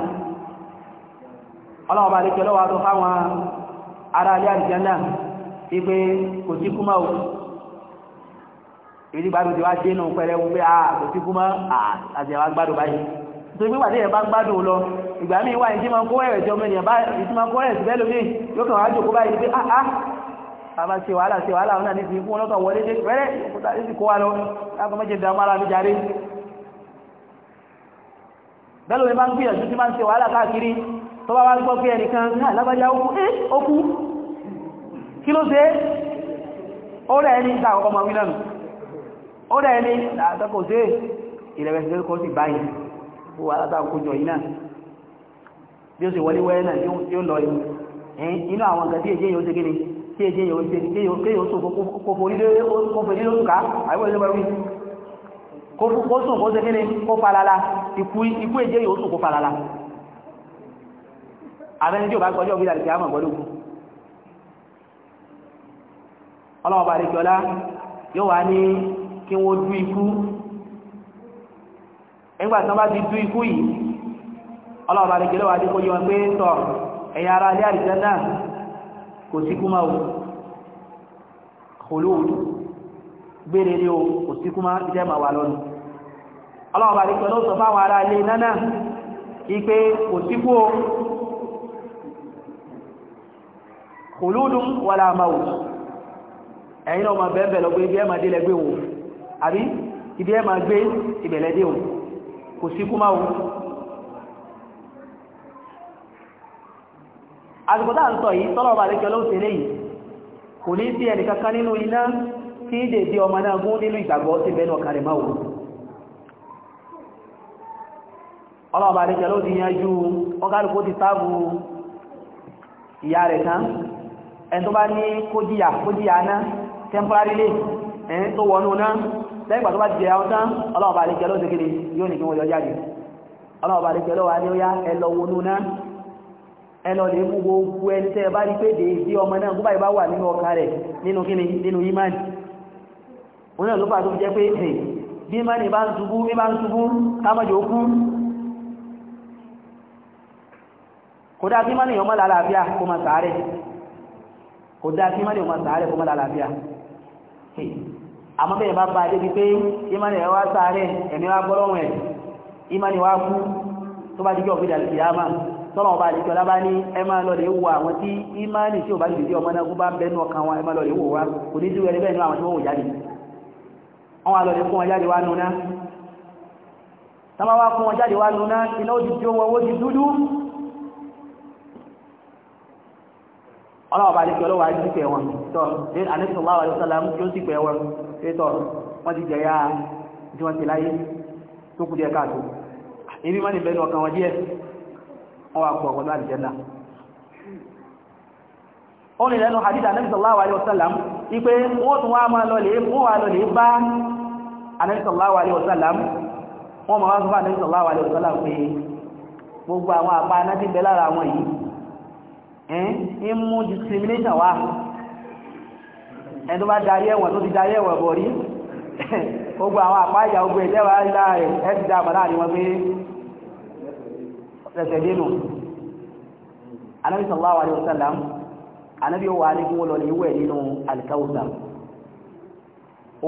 ọlọ́wọ́ bá lè kẹ́ lọ́wọ́ tó fáwọn aráalé àdìjánà tí pé kò sí kú máa ìdí gbádùn ti wá dé nù pẹ̀lẹ́ wù pé àà kò sí kú máa àti àwọn gbádùn báyìí nítorí pé pàdé ẹ̀ bá bàbá ṣe wàhálà ṣe wàhálà ọ̀nà nífi fún ọlọ́tọ̀ wọlé dé pẹ́rẹ́ òkúta ní kó wa lọ láàbọ̀ méje dàmú ara mi jáde bẹ́ẹ̀ lómi máa ń gbìyànjú tí máa ń ṣe wàhálà káàkiri tó bá wá gbọ́ pé ẹnìkan náà ah, lágbájá ó kú ẹ́ eh, ó kú kí ló ṣe ó rẹ̀ ẹni ìta àkọ́kọ́ mọ̀ wílẹ̀nù ó rẹ̀ ẹni àtọ́kọ̀ ah, ṣe ìrẹ̀wẹ̀sì lórúkọ sí báyìí bí inú àwọn nǹkan tí èyí yóò ṣe gíní tí èdè yóò ṣe ní kéyò sùn kòfò nílé lóṣù ká àìwọ̀ ìjọba wí kó sùn kó sẹ́kẹ́ni kó falala ikú èdè yóò sùn kó falala àbẹ́ni tí ò bá gbọ́jọ́ bí láti àmọ̀ gbọ́lógún ọlọ́ọ̀bà àríkọ́lá yóò wá ní kí wọ́n dú ikú ẹgbà tán bá ti dú ikú yìí ọlọ́ọ̀bà àríkọ́lá wà ní kó yọ pé tọ̀ ẹ̀yà ara alẹ́ àríkọ́lá náà kò sí kúmá o kòlóòdù gbére ní o kò sí kúmá jẹ́ ma wà lọ́nu ọlọ́ọ̀bà ní pẹ̀lú sọ fáwọn ará ilé náà ipé kò sí kú o kòlóòdù wà láàmáwò ẹ̀yìn ọmọ bẹ̀ẹ̀bẹ̀ lọ gbé ibi ẹ̀mà àgbọ̀dá ń sọ yìí tọ́lọ̀ bàríkẹ́ ló ṣe léyìí kò ní sí ẹnìkankan nínú iná tí dèdè ọmọ náà gún nínú ìgbàgbọ́ sí bẹ́ẹ̀ ọ̀kàrẹ̀ máa wò ọlọ́ọ̀bà àríkẹ́ ló ti yanjú ọgárùkú ti sáàbù ìyá rẹ̀ tán ẹn tó bá ní kójíyà kójíyà ná temporary lè ẹn tó wọnú ná lẹ́gbà tó bá jẹ àwọn tán ọlọ́ọ̀bà àríkẹ́ ló ti kiri yóò ní kí wọ́n yọ jáde ọlọ́ọ̀bà àríkẹ́ ló wà ní ó yá ẹ lọ wọnú náà ẹlọ lè mú gbogbo ẹni tẹ́ bá rí pé dèédé ọmọ náà gbogbo ìbá wà nínú ọkà rẹ̀ nínú kíni nínú imani òun náà ló fà tó jẹ́ pé bí imani bá ń ṣubú bí bá ń ṣubú kámọ́jọ kú kò dá kí imani yọmọ lálàáfíà kó máa sàárẹ̀ kò dá kí imani yọmọ sàárẹ̀ kó máa lálàáfíà àmọ́ bẹ́ẹ̀ bá bá débi pé imani ẹ̀ wá sàárẹ̀ ẹ̀mí wá gbọ́lọ́wọ̀n ẹ̀ imani wá kú tó bá dígbà òfin dàlùkìyàmá tọ́nà ọba àdìsí ọlá bá ní ẹ máa lọ lè wo àwọn tí ìmáàlì tí ò bá gbèdé ọmọ náà kó bá ń bẹnu ọkàn wọn ẹ máa lọ lè wò wá kò ní dúró ẹni bẹ́ẹ̀ ní àwọn tí wọ́n wò jáde àwọn àlọ́ lè fún wọn jáde wá nuná tọ́mọ́ wá fún wọn jáde wá nuná iná ó ti jó wọn ó ti dúdú ọlọ́ọ̀bá àdìsí ọlọ́wà àdìsí pẹ̀ wọn tọ́ àdìsí ọlọ́wà àdìsí ọlọ́wà àdìsí pẹ̀ wọn tọ́ wọ́n ti jẹ̀yà tí wọ́n ti láyé tó kù díẹ̀ ní bẹnu ọkàn wọn díẹ̀ wọ́n wá pọ̀ pẹ̀lú àlìjẹ́nà ó ní lẹ́nu hadith Ànábì sallallahu alaihi wasallam ipé wọ́n tún wá máa lọ lè mú wà lọ lè bá Ànábì sallallahu alaihi wasallam wọ́n máa wá sọ fún Ànábì sallallahu alaihi wasallam pé gbogbo àwọn àpá anájí bẹ lára àwọn yìí ń mú discrimination wá ẹni tó bá darí ẹ̀wọ̀n tó láàrin ẹ̀ ti dá pé rẹ̀sẹ̀ dénú anábì sallallahu alaihi wasallam anábì wà ní kún lọ ní ìwẹ̀ nínú alkausar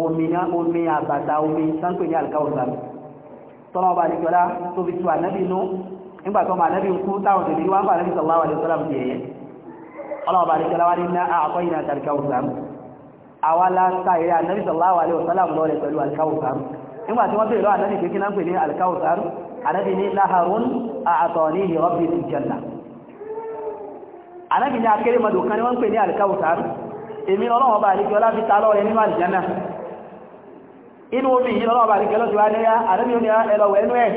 omi náà omi àbàtà omi sáńpẹ̀ ní alkausar tọ́nà ọba àdìjọ́lá tó fi tu anábì nú nígbà tó ma anábì ń kú táwọn tèmi wá ń bá anábì sallallahu alaihi wasallam ti ẹ̀yẹ ọlọ́ọ̀bà àdìjọ́lá wá ní ná àkọ́ ìnà alkausar àwa láta ìrẹ́ anábì sallallahu alaihi wasallam lọ́rẹ̀ pẹ̀lú alkausar nígbà wọ́n bèèrè lọ́wọ́ anábì pé náà pè ní alkausar anábì ní láharún àtọ̀ní ní rọ́bì ní jẹ́nà anábì ní akéré mọ̀dù kan ni wọ́n ń pè ní alkawuta èmi ọlọ́wọ́n bá àríkẹ́ ọlá fi ta lọ́rẹ nínú àlìjánà inú omi yìí ọlọ́wọ́n bá àríkẹ́ lọ́sí wá ní anábì ní ẹlọ́wọ̀ ẹnu ẹ̀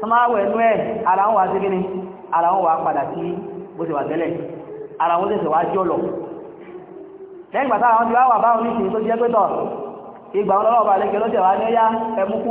sọmáwọ̀ ẹnu ẹ̀ ara wọn wá sí kíni ara wọn wá padà sí bó ti wà tẹ́lẹ̀ ara wọn tẹ̀sẹ̀ wá jọlọ lẹ́yìn gbàtà àwọn ti wá wà báwọn ní ìsìn tó jẹ́ pẹ́tọ̀ ìgbà wọn lọ́wọ́ bá àríkẹ́ lọ́sí ní ẹyá ẹmú kú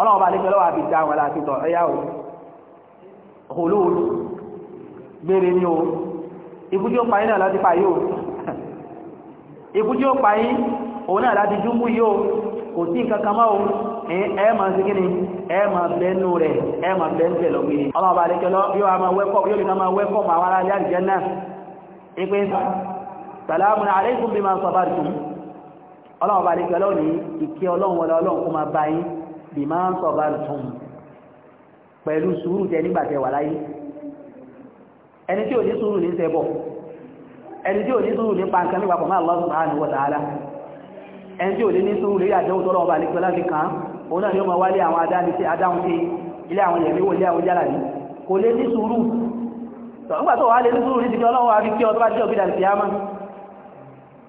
ọlọ́wọ́ bá nífẹ́ lọ́wọ́ àbìdá wọn láti tọ̀ ẹ̀yà o òhòlóòlù gbére ní o ikú tí ó pa yín náà láti pa yíò ikú tí ó pa yín òun náà láti júmbú yíò kò sí nǹkan ma sí kíni ẹ ma bẹ́nu rẹ̀ ẹ ma bẹ́nu rẹ̀ lọ́gbìn ọlọ́wọ́ bá nífẹ́ lọ́wọ́ ní ìkẹ́ ọlọ́wọ́ ọlọ́wọ́ kó ma bá bí máa ń sọ̀bá tún pẹ̀lú sùúrù tẹ nígbàtẹ̀ wà láyé ẹni tí ò ní sùúrù ní ṣẹbọ̀ ẹni tí ò ní sùúrù ní pàǹkan Allah ta'ala ẹni tí ò ní ní sùúrù lórí àjẹ́wò tọ́rọ ọba àlẹ́kọ́ ni ó mọ wálé àwọn adáni sí adáhùn sí ilé àwọn yẹ̀mí wò lé àwọn yàrá ní kò lé ní sùúrù nígbà tó wà lé ní sùúrù ní ti fi ọlọ́wọ́ àfi kí ọ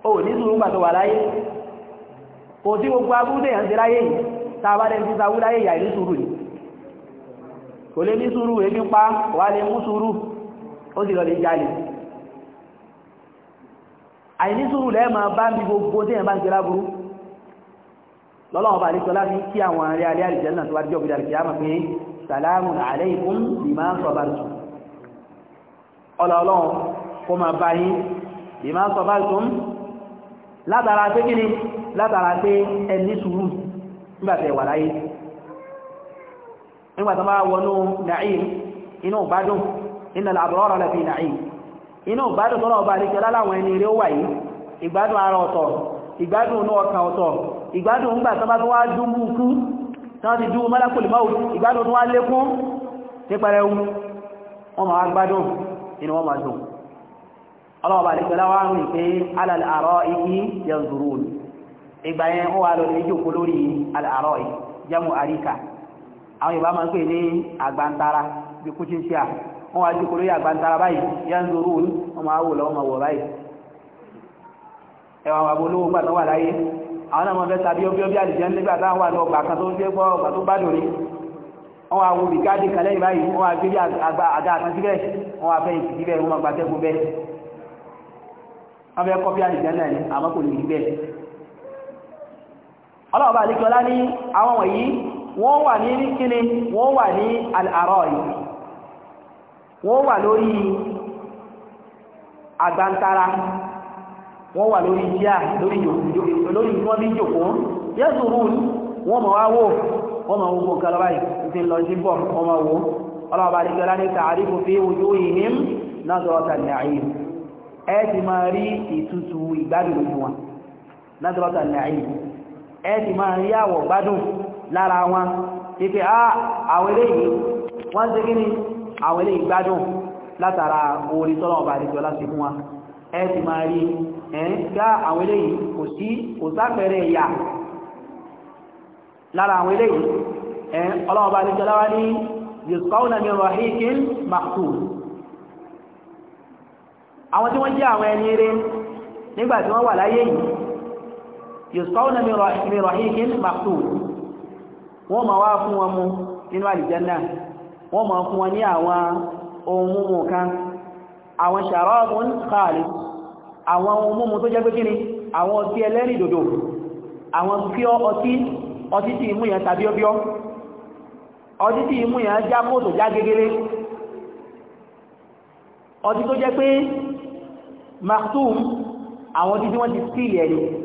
ò ní sùúrù nígbà láyé kò sí gbogbo abúlé yẹn ń ṣe láyé yìí tàbá lẹ́ni títà wúlá yìí àìní sùúrù ni kò lè ní sùúrù èmi pa wà lè mú sùúrù ó sì lọ lè jalè àìní sùúrù lẹ́ẹ̀ máa bá mi gbogbo tí èèyàn bá ń ṣe láburú lọ́lọ́wọ́ bá àdéṣọ́lá fi kí àwọn ará alẹ́ àdìjẹ́ náà tó wá jọ́ bìdà kìyàmà pé látara pé ẹni sùúrù nígbà tẹ́ wà láyé nígbà tó máa wọnú na'im inú ìbádùn innal abrara lafi na'im inú ìbádùn tọ́lọ̀ ọba àríkẹ́ láláwọn ẹni eré wà yìí ìgbádùn ara ọ̀tọ̀ ìgbádùn inú ọkàn ọ̀tọ̀ ìgbádùn ńgbà tó bá tó wá dúnmú kú tán ti dúnmú malakul maut ìgbádùn tó ìgbà yẹn ó wà lọ ní ìjòkó lórí àárọ̀ yìí jámù àríkà àwọn yorùbá máa ń pè ní àgbàntara bí kú ti ń ṣe à wọ́n wá jòkó lórí àgbàntara báyìí yá ń zorú òun wọ́n máa wò lọ́wọ́ máa wọ̀ báyìí ẹwà àwọn abolówó gbà tó wà láyé àwọn náà mọ̀ fẹ́ tàbí ọbí ọbí àdìjẹ́ nígbà táwọn wà ní ọgbà kan tó ń gbé gbọ́ ọgbà tó bá dòrí wọ́n wá wo bìkáàdì kan lẹ́yìn báyìí wọ́n wá gbé bí àgbà àga kan síbẹ̀ wọ́n wá ọlọ́ọ̀bá àlíkọlá ní àwọn wọ̀nyí wọ́n wà ní kíni wọ́n wà ní al-arā'ī wọ́n wà lórí àgbàntara wọ́n wà lórí jíà lórí ìwọ́n bí jòkó yẹ́sùrún wọ́n ma wá wò wọ́n ma wọ́n kan lọ́bàá ìtí lọ sí bọ̀ wọ́n ma wò ẹ̀ẹ́dì máa rí àwọ̀ gbádùn lára wọn ipé ah, àwọn eléyìí wọ́n tí gíní àwọn eléyìí gbádùn látara orí tọ́lọ̀ ọba àdìjọ láti fún wa ẹ̀ẹ́dì máa rí ẹ̀ẹ́n gá àwọn eléyìí kò sí kò ìyà lára àwọn eléyìí yusqawna min rahiqin makhtum wọ́n máa wá fún wọn mu nínú àlìjẹ́nà wọ́n máa fún wọn ní àwọn ohun mímu kan àwọn sharabun khalid àwọn ohun mímu tó jẹ́ pé kíni àwọn ọtí ẹlẹ́rìn dòdò àwọn pure ọtí ọtí tí imú yẹn tàbí ọbíọ́ ọtí tí imú yẹn já kóòtò já gegere ọtí tó jẹ́ pé makhtum àwọn ọtí tí wọ́n ti sílẹ̀ ẹ̀yìn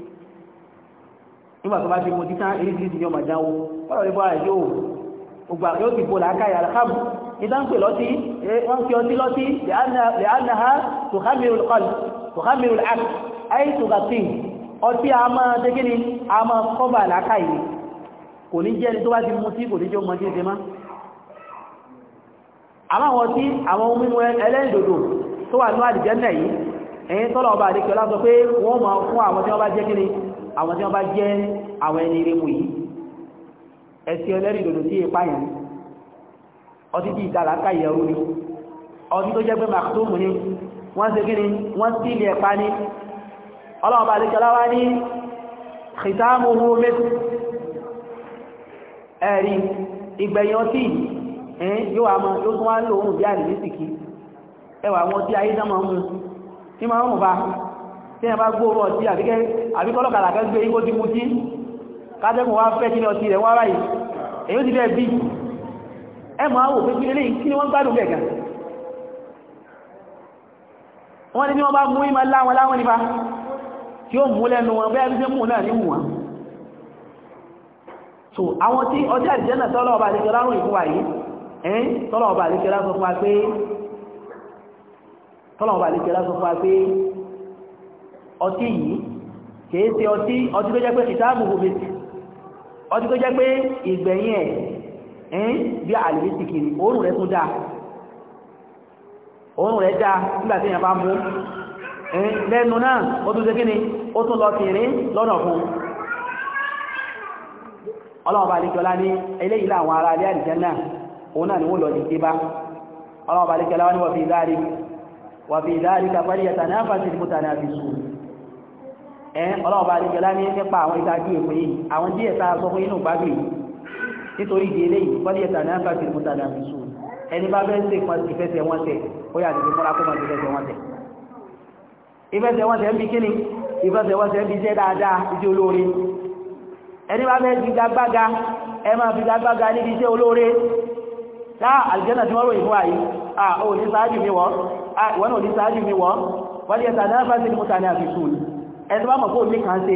nígbà tó bá ti mú títán eréjìdì ní ọmọ ìdánwò ọ̀rọ̀ ìbọn rẹ̀ yóò ògbà yóò ti bò láàkàyà alákàbù ìdánpè lọ́tí wọ́n fi ọtí lọ́tí lẹ́ánàá tòhámìrì ọ̀lù tòhámìrì àkì àìsùgàtì ọtí a máa dégíní a máa kọ́bà láàkàyè kò ní jẹ́ tó bá ti mú tí kò ní jẹ́ ọmọ jíjẹ má àwọn àwọn tí àwọn tí wọ́n bá jẹ́ àwọn ẹni iremu yìí ẹ̀sìn ẹlẹ́rìí dòdò sí ipa yẹn ọtí tí ìdàlá káyẹ̀ ẹ̀rú ni ọtí tó jẹ́ pé màkútùmù ni wọ́n ṣe kí ni wọ́n sí ilẹ̀ ẹ̀pá ní ọlọ́ọ̀bá àdékọláwá ní kìtàmùhù mẹ́tù ẹ̀rí ìgbẹ̀yìn ọtí yóò wà mọ́ yóò tún wá lóòrùn bí àdìmísìkì ẹwà wọn ní máa ń mú tí ẹ bá gbóòrò ọtí àbíkọ́lọ̀ kàlàkà gbé igbó ti mú tí kájẹ́kùn wá fẹ́ kíní ọtí rẹ̀ wá ráyìí èyí ti bẹ́ẹ̀ bí ẹ máa wò pé kílé kí ni wọ́n gbádùn gẹ̀gà wọ́n ni wọ́n bá mú ìmọ̀ láwọn láwọn nípa tí ó mú lẹ́nu wọn bẹ́ẹ̀ bí mú náà ní wù wọn so àwọn tí ọjọ́ àdìjẹ́nà tọ́lọ̀ ọba àdìjẹ́ láwọn ìfún wa yìí ẹ́n tọ́lọ̀ ọba àdìjẹ́ lásọ fún wa pé ọtí yìí kìí ṣe ọtí ọtí tó jẹ́ pé ìtààbù gbogbo ọtí tó jẹ́ pé ìgbẹ̀yìn ẹ̀ ẹ́n bí àlèmísì oòrùn rẹ̀ tún dáa oòrùn rẹ̀ dáa tí mú lẹ́nu náà ó tún ṣe kí ni ó tún lọ tìrín lọ́nà fún ọlọ́ọ̀bà àlejọ́lá ní eléyìí láwọn ará àdìjẹ́ náà náà ni ẹ ọlọ́run bá nígbẹ̀lá ní nípa àwọn ìta bí èkó yìí àwọn díẹ̀ tá a sọ fún inú gbágbé yìí nítorí ìdí eléyìí wọ́n díẹ̀ tàbí àǹfà sí ìmúta náà fi sùn ẹni bá fẹ́ ṣe ìfẹsẹ̀ wọn tẹ̀ ó yà ní fúnra kó máa ti fẹsẹ̀ wọn tẹ̀ ìfẹsẹ̀ wọn tẹ̀ ń bi kíni ìfẹsẹ̀ wọn tẹ̀ ń bi jẹ́ dáadáa ìdí olóore ẹni bá fẹ́ figagbága ẹ máa ẹni tó bá mọ̀ kó ní kàn ṣe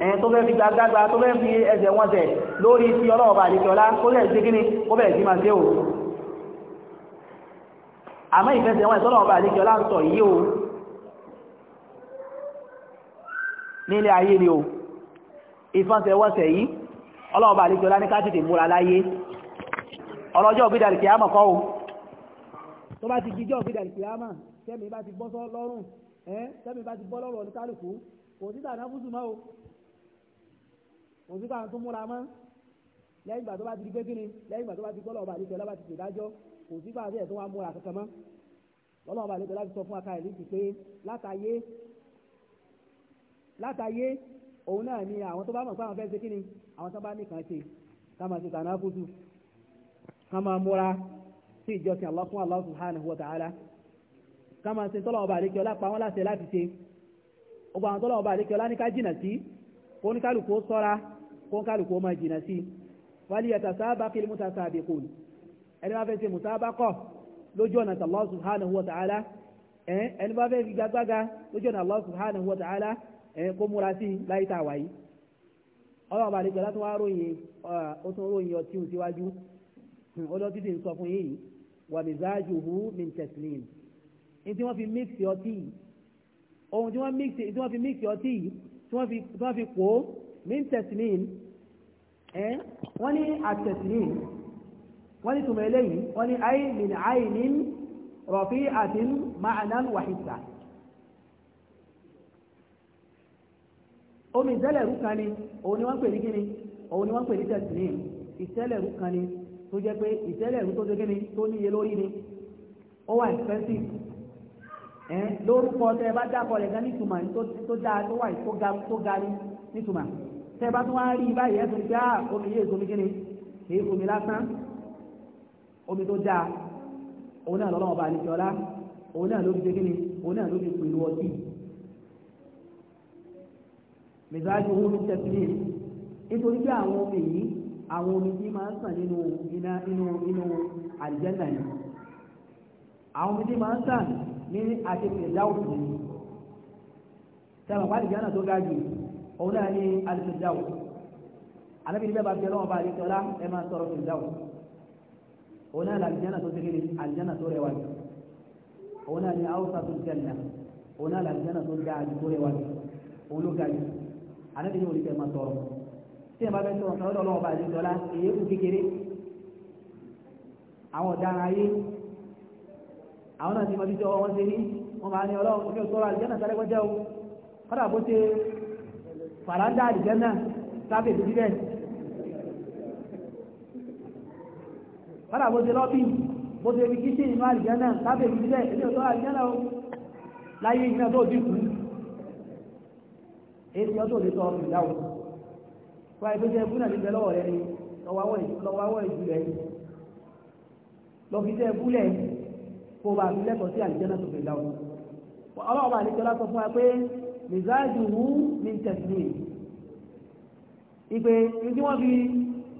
ẹni tó fẹ́ fi gbagagba tó fẹ́ fi ẹsẹ̀ wọn tẹ̀ lórí ti ọlọ́ọ̀bà àdìkọ́lá kó lẹ̀ sí kíní kó bẹ̀rẹ̀ sí máa ṣe o àmọ́ ìfẹsẹ̀ wọn ìtọ́lọ́ọ̀bà àdìkọ́lá ń sọ yìí o nílé ayé ni o ìfẹsẹ̀wọnsẹ̀ yìí ọlọ́ọ̀bà àdìkọ́lá ní ká tètè múra láyé ọlọ́jọ́ òbídà lè kìámọ̀ kọ́ o tó bá ti jíjọ́ òbídà lè kìámọ̀ tẹ́mi bá ti bọ́ lọ́rùn ẹ́ tẹ́mi bá ti bọ́ lọ́rùn oníkálùkù kò sí tànà fúsù mọ́ o kò sí pàǹtó múra mọ́ lẹ́yìn ìgbà tó bá ti di pé kí ni lẹ́yìn ìgbà tó bá ti gbọ́ lọ́ọ̀bà àdìsẹ́ lọ́ba ti ṣèdájọ́ kò sí pàǹtó ẹ̀ tó wá múra kankan mọ́ lọ́lọ́ọ̀bà àdìsẹ́ láti sọ fún aka ìlú ti pé látàyé látàyé òun náà ni àwọn tó bá mọ̀ pé àwọn fẹ́ ṣe kí ni àwọn tó bá nìkan ṣe ká máa ṣe tànà fúsù ká máa múra sí ìjọsìn Allah fún Allah subhanahu wa ta'ala ká máa ṣe tọ́lọ́ọ̀bà àdìsẹ́ ọlá pa wọ́n láṣẹ láti ṣe ọgbà àwọn tọ́lọ́wọ́ bá àdékẹ́ ọlá ní ká jìnà sí kó ní kálùkù ó sọ́ra kó ní kálùkù ó máa jìnà sí wálé yàtà sáábà kí mú tàṣà àbẹ̀kù ẹni bá fẹ́ ṣe mùsábàkọ̀ lójú ọ̀nà Allah subhanahu wa ta'ala ẹni bá fẹ́ gbàgbága lójú ọ̀nà Allah subhanahu wa ta'ala kó múra sí láyé tá a wáyé ọlọ́wọ́ bá àdékẹ́ ọlá tó wá ròyìn ó tún ròyìn ọtí ò síwájú ọlọ́tí ohun tí wọ́n mix tí wọ́n fi mix ọtí yìí tí wọ́n fi tí wọ́n fi kó min tẹ̀sílìn ẹ́ wọ́n ní àtẹ̀sílìn wọ́n ní tùmọ̀ eléyìí wọ́n ní ayé min ayé ní rọ̀fí àti ma'anan wàhísà omi ìtẹ́lẹ̀rú kan ni òun ni wọ́n pè ní kíni òun ni wọ́n pè ní tẹ̀sílìn ìtẹ́lẹ̀rú kan ni tó jẹ́ pé ìtẹ́lẹ̀rú tó jẹ́ kíni tó níye lórí ni ó wà expensive lórúkọ tẹ ẹ bá dákọ rẹ̀ gan nítumọ̀ tó dáa tó wà tó ga tó ga ní nítumọ̀ tẹ ẹ bá tún wá rí i báyìí ẹsùn pé ah omi yé omi kíni kìí omi lásán omi tó dáa òun náà lọ́lọ́wọ́ bá a lè jọlá òun náà ló fi kíni òun náà ló fi pèlú ọtí. mẹsàájú owó ló tẹ̀sí ní nítorí pé àwọn omi yìí àwọn omi tí máa ń sàn nínú iná inú inú àlìjẹ́ńdà yìí àwọn omi tí máa ń sàn ní àtẹ̀tẹ̀ dáwùsì ni sẹ́wọ̀n pàdé jẹ́nà tó gáàjù òun náà ní àtẹ̀tẹ̀ dáwùsì alábìrin bẹ́ẹ̀ bá fi ọlọ́wọ́ bá a lè tọ́lá ẹ máa sọ̀rọ̀ fi dáwù òun náà làbí jẹ́nà tó tẹ́lẹ̀ àlìjẹ́nà tó rẹwà jù òun náà ní haúsá tó jẹ́nà òun náà làbí jẹ́nà tó gáàjù tó rẹwà jù òun ló gáàjù alábìrin òun ìfẹ́ máa sọ̀rọ̀ tí àwọn ọ̀daràn ayé àwọn náà ti mọ títí ọwọ́ wọn ṣe rí wọn máa ní ọlọ́run kò kí o sọ́ra àlìjẹ́nà sáré wọ́n jẹ́ o kọ́dà bó ṣe fàràǹdà àlìjẹ́nà sábẹ̀ tó síbẹ̀ kọ́dà bó ṣe lọ́bì bó ṣe fi kíṣì inú àlìjẹ́nà sábẹ̀ tó síbẹ̀ èdè ò sọ́ra àlìjẹ́nà o láyé iná tó dìkú èsì ọ̀tọ̀ lè sọ ọmọ ìdáwó wáyé kó bá fi lẹ́kọ̀ọ́ sí àlìjẹ́nà tó fi dáwọ́ ọlọ́wọ́ bá àlejò lásán fún wa pé mìzáàjù wú ní tẹ̀sílì ìpè ìdí wọ́n fi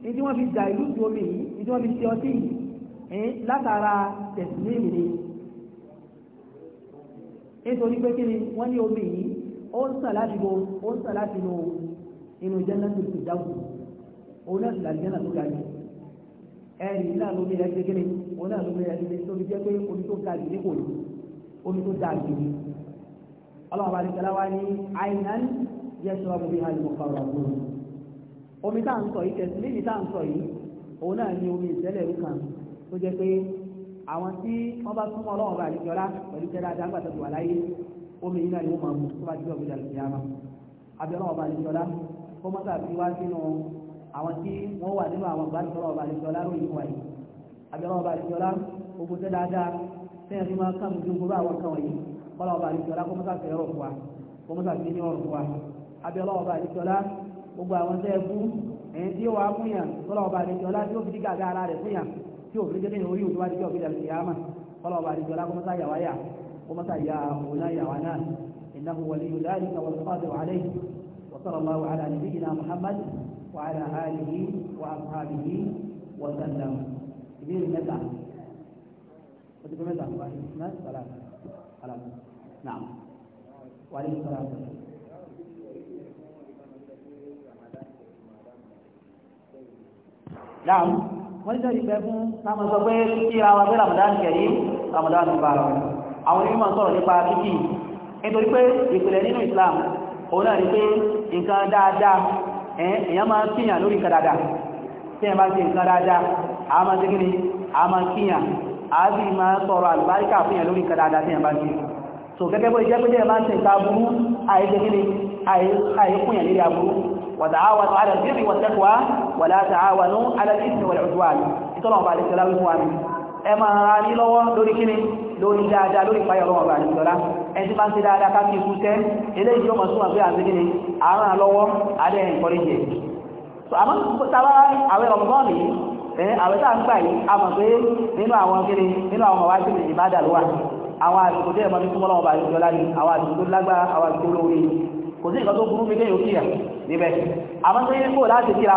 ìdí wọ́n fi dà ìlú ju omi yìí ìdí wọ́n fi ṣe ọtí yìí látara tẹ̀sílì ni nítorí pé kí ni wọ́n ní omi yìí ó ń sàn láti bo ó ń sàn láti lo inú jẹ́nà tó fi dáwọ́ òun náà sì làlìjẹ́nà tó ga jù ẹ̀rì náà lómi rẹ̀ ṣe kéde òun náà lómi rẹ̀ ṣe kéde tóbi jẹ́ pé omi tó ga jù ní kò ní omi tó da jù ní. ọlọ́run bá ní kẹlẹ́ wá ní àìnáà yẹ sọ ọmọ bíi hàlùmọ̀ kọ̀ọ̀rọ̀ ọ̀gbọ̀n. omi tá à ń sọ yìí tẹ̀sí níbi tá à ń sọ yìí òun náà ní omi ìṣẹ̀lẹ̀ rú kan tó jẹ́ pé àwọn tí wọ́n bá súnmọ́ ọlọ́run bá pẹ̀lú kẹlá dáńgbà wà láyé àwọn tí wọ́n wà nínú àwọn ìbánisọ̀rọ̀ ọba àdìsọ́lá lórí ìwà yìí abẹ́rẹ́ ọba àdìsọ́lá gbogbo tẹ́ dáadáa sẹ́yìn fi máa kàn mí gbogbo àwọn kan wọ̀nyí kọ́lá ọba àdìsọ́lá kó mọ́sá fẹ́ ọ̀rọ̀ fún wa kó mọ́sá fi ní ọ̀rọ̀ fún wa abẹ́rẹ́ ọba àdìsọ́lá gbogbo àwọn tẹ́ ẹkú ẹ̀yìn tí ó wà fún yàn kọ́lá ọba àdìsọ́lá tí ó fi gàgà ara rẹ̀ fún yàn tí ò fi jẹ́ والقادر عليه وصلى الله على نبينا محمد وعلى آله وأصحابه وسلم كبير المتعة كتب المتعة وعليه الصلاة خلاص نعم وعليه الصلاة والسلام نعم wọ́n ní sọ́ọ́dì pé fún táwọn sọ pé kíkí ra wa pé Ramadan kẹ̀rí Ramadan bá rọ̀ àwọn onímọ̀ sọ̀rọ̀ nípa kíkì nítorí pé ìpìlẹ̀ nínú Islam òun náà ni pé nǹkan dáadáa èyàn máa kíyàn lórí nǹkan dáadáa tí ẹ bá ṣe nǹkan dáadáa a máa ṣe kíni a máa kíyàn a sì máa sọ̀rọ̀ àlùbáríkà fíyàn lórí nǹkan dáadáa tí ẹ bá ṣe so gẹ́gẹ́ bó jẹ́ pé jẹ́ máa ṣe nǹkan aburú àìṣe kíni àìkúyàn lérí aburú wàtàáwànú alàlbírì wàtẹ́kùwá wàlátàáwànú alàlìsìn wàlẹ̀ ẹ máa ra ní lọ́wọ́ lórí kíni lórí dáadáa lórí ìpáyà ọlọ́wọ́ ọba àdìsọ́lá ẹ ti máa ń ṣe dáadáa ká kí ikú tẹ́ eléyìí yóò mọ̀ súnmọ̀ pé àti kíni àárán lọ́wọ́ adé ìkọlẹ́jì so àmọ́ sábà àwẹ̀ ọ̀gbọ́n yìí àwẹ̀ tá ń gbà yìí a mọ̀ pé nínú àwọn kíni nínú àwọn ọmọ wájú ìbádà ló wà àwọn àsìkò tẹ́ ẹ̀mọ́ ní súnmọ́ lọ́wọ́ ọba àdìsọ́lá ni àwọn àsìkò lágbára àwọn àsìkò mi kéèyàn kíyà níbẹ̀ àmọ́ tó yẹ kó láti kíra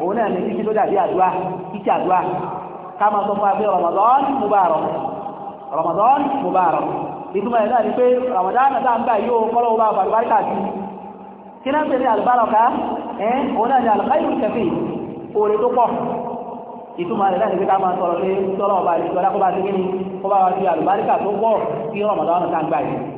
òun náà ní títí tó dàbí àdúrà títí àdúrà ká máa sọ fún wa pé Ramadan mubarak Ramadan mubarak ìtumọ̀ ẹ̀ náà ni pé Ramadan náà ń gbà yóò kọ́lọ́ wọn bá wà lùbáríkà sí kí náà ń pè ní àlùbáràkà ẹ̀ òun náà ní àlùkáyù kẹfì òòrè tó pọ̀ ìtumọ̀ rẹ̀ láti fi ká máa sọ̀rọ̀ pé sọ́lọ́ ọba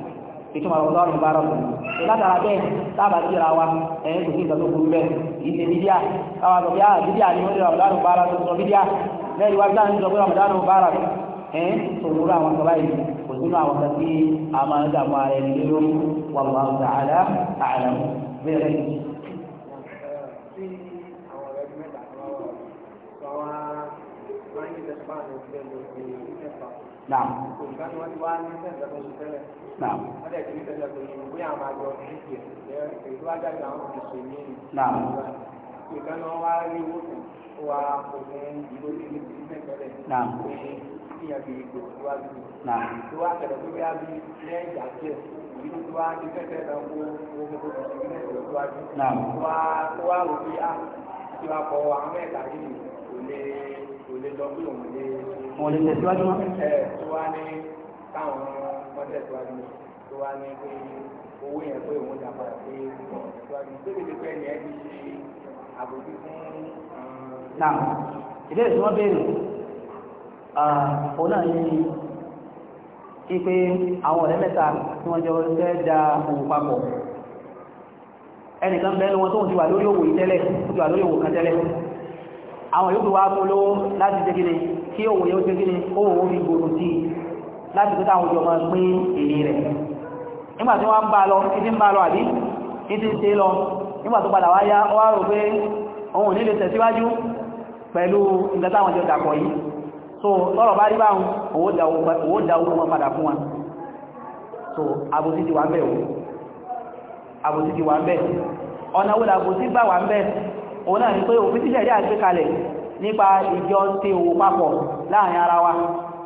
ìtumọ̀ ọ̀rọ̀ ọ̀rọ̀ ìbára fún un látara bẹ́ẹ̀ tábà sí ra wa ẹ̀yìn kò sí ìgbà tó burú bẹ́ẹ̀ ìṣe bídíà káwa sọ bíyà ah, bídíà ni wọ́n lè ramadan bára tó sọ bídíà lẹ́yìn wájú láti sọ pé ramadan bára ẹ̀yìn tó burú àwọn sọ báyìí kò sínú àwọn kan tí a máa ń dààmú ara ẹni lórí wallahu bẹ́ẹ̀ Naam. Naam. Naam. Ìkànnà wa rí owó kan, wa kò fún ìbò ní ìlú ìpínlẹ̀ Naam. Pé kí a fi ìgò síwájú. Naam. Tó wá kẹ̀lẹ̀ tó bóyá bí ilé ìjà jẹ́, ìlú tó wá ní pẹ́pẹ́ náà kó owó tó fi sí ilé ìjọ síwájú. Naam. Wá tó wá rò bí a ti wá kọ àwọn mẹ́ta yìí kò wọ́n tẹ̀síwájú tó wá ní pé owó yẹn pé òun dà padà pé tẹ̀síwájú tẹ́lẹ̀ pẹ́ ni ẹ ti ṣe àbòjú fún. Uh, náà ìbéèrè tí wọ́n béèrè uh, òun náà ní kí pé àwọn ọ̀rẹ́ mẹ́ta tí wọ́n jọ fẹ́ da òun papọ̀ ẹnìkan bẹ́ẹ̀ ni wọ́n tóun ti wà lórí òwò ìtẹ́lẹ̀ tó ti wà lórí òwò kan tẹ́lẹ̀ àwọn yóò fi wá mú lówó láti jẹ́ gíní kí òun yóò jẹ́ gíní òun ò fi gbòòrò sí i láti tó táwọn ọjọ́ máa pín èyí rẹ̀ nígbà tí wọ́n ń bá lọ títí ń bá lọ àbí títí ṣe lọ nígbà tó padà wáyá ó wá rò pé òun nílé tẹ̀síwájú pẹ̀lú nǹkan táwọn ọjọ́ dàpọ̀ yìí so lọ́rọ̀ bá rí báhùn owó da owó wọn padà fún wa so àbòsí ti wà ń bẹ̀ o àbòsí ti wà ń bẹ̀ ọ̀nà wo làbòsí gbà wà ń bẹ̀ òun náà ni pé òfin tíṣẹ̀rí àgbékalẹ̀ nípa ìjọ ṣe òwò papọ̀ láàrin ara wa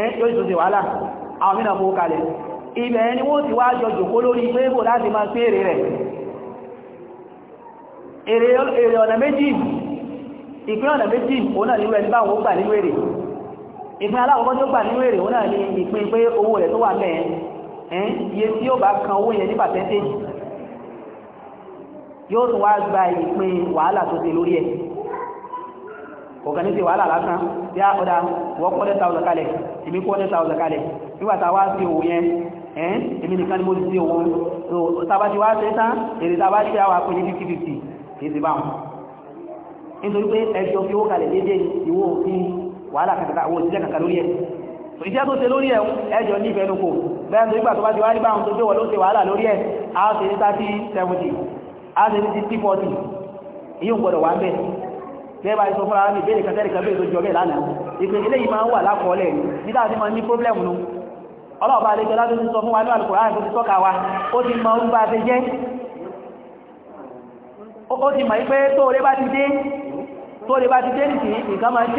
ẹ́ yóò ìtò sí wàhálà àwọn mìíràn fowó kalẹ̀ ibẹ̀ ni wọ́n ti wá jọ jòkó lórí pébò láti máa pé èrè rẹ̀ èrè ọ̀nà méjì ìpín ọ̀nà méjì òun náà nílò ẹni bá wọn gbà nínú èrè ìpín aláwọ̀kọ́ tó gbà nínú èrè òun náà ni ìpín pé owó rẹ̀ tó wà mẹ́ẹ̀ ẹ́ iye tí yóò bá kan owó yẹn ní pàtẹ́tẹ́jì yóò tún wá gba ìpín wàhálà tó ṣe lórí ẹ̀ kọ̀ọ̀kan ní ti wàhálà lásán tí a ọ̀dá wọ́n kọ́ lẹ́ta ọ̀dọ̀ kalẹ̀ èmi kọ́ lẹ́ta ọ̀dọ̀ kalẹ̀ nígbàtà wá sí òun yẹn ẹ́n èmi nìkan ni mo ti sí òun tàbá ti wá sí tán èrè tàbá sí àwọn apẹ́ ní 50-50 kìí sí báwọn nítorí pé ẹjọ́ fi owó kalẹ̀ déédéé ìwò òfin wàhálà kàkàkà owó ìṣiṣẹ́ kàkà lórí ẹ̀ ìṣẹ́ tó ṣe lórí ẹ̀ ẹjọ́ ní ìfẹ́ nukò bẹ́ẹ̀ tó nígbà tó bá ti wá rí báwọn tó gbé wọ́n ló ṣe wàhálà lórí ẹ̀ a ṣe ní 30-70 a ṣe ní 60-40 ìyóò gbọ́dọ̀ wá bẹ́ẹ̀ kẹ́ẹ̀bá ìsọ fúnra ní ìbéèrè kan tẹ́rìkan bèèrè tó jọ bẹ́ẹ̀ lánàá ìpè eléyìí máa ń wà lákọọ́lẹ̀ nígbà tí ma ní pọ́blẹ̀mù nù ọlọ́ọ̀bá àlejò láti sọ fún wa ní Al-Qur'an àti tọ́ka wa ó ti mọ orúkọ àti jẹ́ ó ti mọ̀ pé tó oré bá ti dé tó oré bá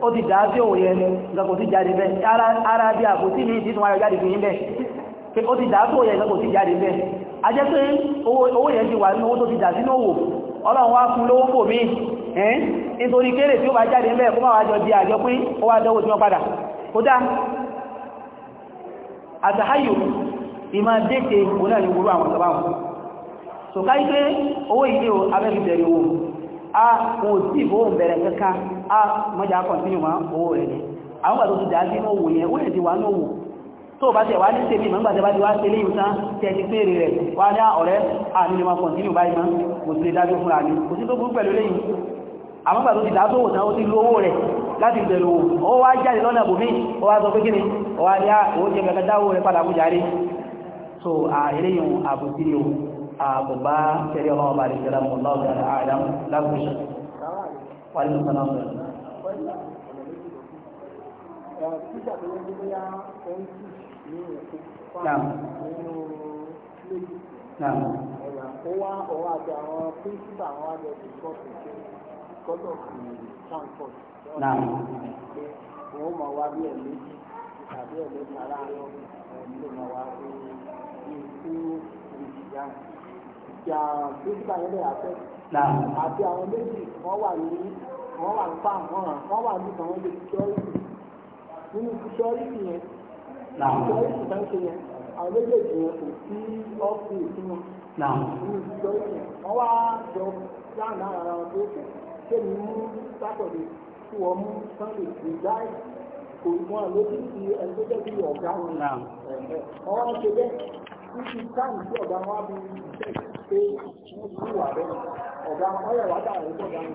ó ti dàá sí òun yẹn ìgbàkò sí jáde bẹ́ẹ̀ ara bí àbò sí ní títún ayọ̀ jáde fún yín ó ti dàá sí òun yẹn ìgbàkò sí jáde a jẹ́ pé owó yẹn ti wà nínú owó tó ti sínú òwò ọlọ́run wá fún lówó fò míì ẹ́n nítorí kéré tí ó bá jáde a kò tí bó ń bẹ̀rẹ̀ kẹ́kà a mọ́já kọ̀ntínú ma owó rẹ̀ ni àwọn gbàtò ti dá sí owó yẹn ó yẹ̀ ti wà náà wò tó bá tẹ̀ wá ní tèmi mọ́ gbàtẹ̀ bá ti wá tẹ́ léyìn tán tẹ́ ti pèrè rẹ̀ wá ní ọ̀rẹ́ àmìlẹ̀ ma kọ̀ntínú báyìí mọ́ kò sí lè dájú fún àmì kò sí tó burú pẹ̀lú léyìn àwọn gbàtò ti dá tó wò tán ó ti lówó àbùbá tẹ̀lé ọmọ ọba àdìsẹ́lá mọ̀ lọ́wọ́ dára àdám lágbèsè wà nínú kan náà sọ̀rọ̀. Naam. Naam. Ó wá ọ̀wá àti àwọn pírísítà àwọn àjọ ìṣọ́ọ̀tì ṣe kọ́tọ̀ sí transport. Naam. Òun máa wá bí ẹ̀mí tàbí ẹ̀mí tààrà àwọn ẹ̀mí ló máa wá sí ikú ìjìyà. dókítà yẹn lè àfẹ́ àti àwọn méjì wọ́n wà ní wọ́n wà ní farm wọ́n wà ní àwọn ilé security nínú security yẹn security kan ṣe yẹn àwọn méjèèjì yẹn kò sí ọ́ọ̀fù ìfún wọn nínú security yẹn wọ́n wá jọ ara wọn tó kù mú sátọ̀dé wọ́n mú sunday kì í dáì kò wọn ti ẹni tó ọ̀gá wọn. wọ́n wá ṣe bẹ́ẹ̀ pé wọ́n ti wà rẹ̀ ọ̀gá ọ̀rẹ́ wa dà rẹ̀ sọ̀gá ni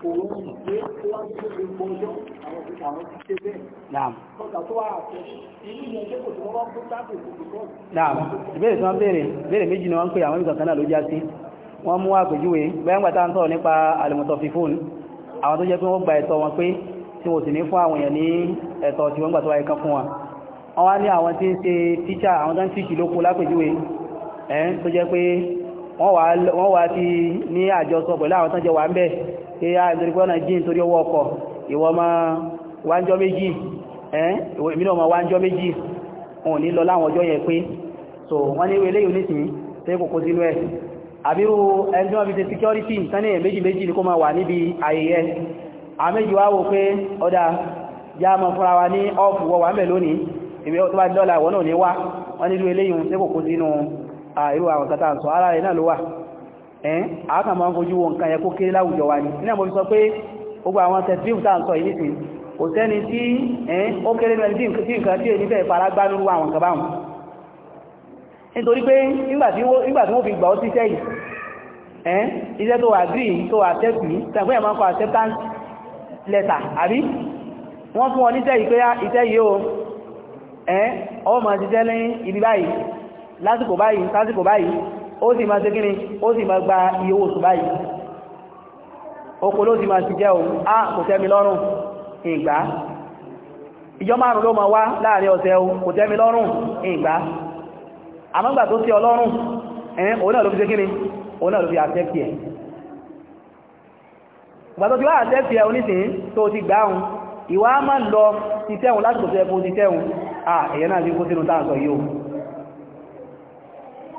pé òun ìgbé tó wá sí pé gbogbo ọjọ́ àwọn ti àwọn ti ṣe bẹ́ẹ̀. kọ́ta tó wà àti inú ìyẹn ṣé kò tí wọ́n bá ń kó táàbù òkú kọ́. ìbéèrè tí wọ́n béèrè ìbéèrè méjì ni wọ́n ń pè àwọn ìgbọ̀n kan náà ló já sí wọ́n mú àpèjúwe bẹ́ẹ̀ ń gbà tá ń sọ̀rọ̀ nípa àlùmọ̀tọ̀ fífún àwọn tó jẹ́ pé wọ́n gba ẹ̀tọ́ wọn pé tí wọ́n sì ní fún àwọn èèyàn ní ẹ̀tọ́ tí wọ́n gbà tó wáyé kan fún wọn wọ́n wá ní àwọn tí ń ṣe tíṣà àwọn tó ń tíṣì lóko lápèjúwe ẹ̀ tó jẹ́ pé wọ́n wá ti ní àjọsọ pẹ̀lú àwọn tán jẹ wà ń bẹ̀ pé a ah, ìtorí pé jíìn torí owó ọkọ̀ ìwọ ma wájọ́ méjì èmi náà ma wájọ́ méjì wọn ní lọ láwọn ọjọ́ yẹn pé so wọ́n ní ilé unison pé kòkó sínú ẹ̀ security tánì ẹ̀ méjì méjì ní kó máa wà níbi ayẹyẹ àméjì wá wò pé ọ̀dà já mọ fúnra wa ní ọ́ọ̀fù wọ irú àwọn kata ń sọ ara rẹ̀ náà ló wà ẹ́n àákà máa ń fojú wọn nǹkan yẹ kó kéré láwùjọ wa ní ní àmọ́bí sọ pé gbogbo àwọn tẹ̀síwù tá ń sọ yìí nìsín kò sẹ́ni tí ẹ́n ó kéré lẹ́ni agree tó accept yìí tàbí ẹ̀ máa ń kọ acceptance letter àbí wọ́n fún ọ níṣẹ́ yìí pé ah, iṣẹ́ yìí o ẹ́n ọ báyìí lásìkò báyìí lásìkò báyìí ó sì máa ṣe kíni ó sì máa gba iye owó oṣù báyìí oko ló sì máa ti jẹ́ òun á kò tẹ́mi lọ́rùn ìgbà ìjọ márùn ló máa wá láàrin ọ̀sẹ̀ o kò tẹ́mi lọ́rùn ìgbà àmọ́gbà tó tí ọlọ́rùn ẹ̀yìn òun náà ló fi ṣe kíni òun náà ló fi àtẹ́kì ẹ̀ ìgbà tó wá àtẹ́kì ẹ̀ onísìn tó ti gbá òun ìwà máa lọ ti tẹ́hùn lásìkò tẹ́kùn tẹ́hùn à èyẹ náà ti kó sínú táà sọ yìí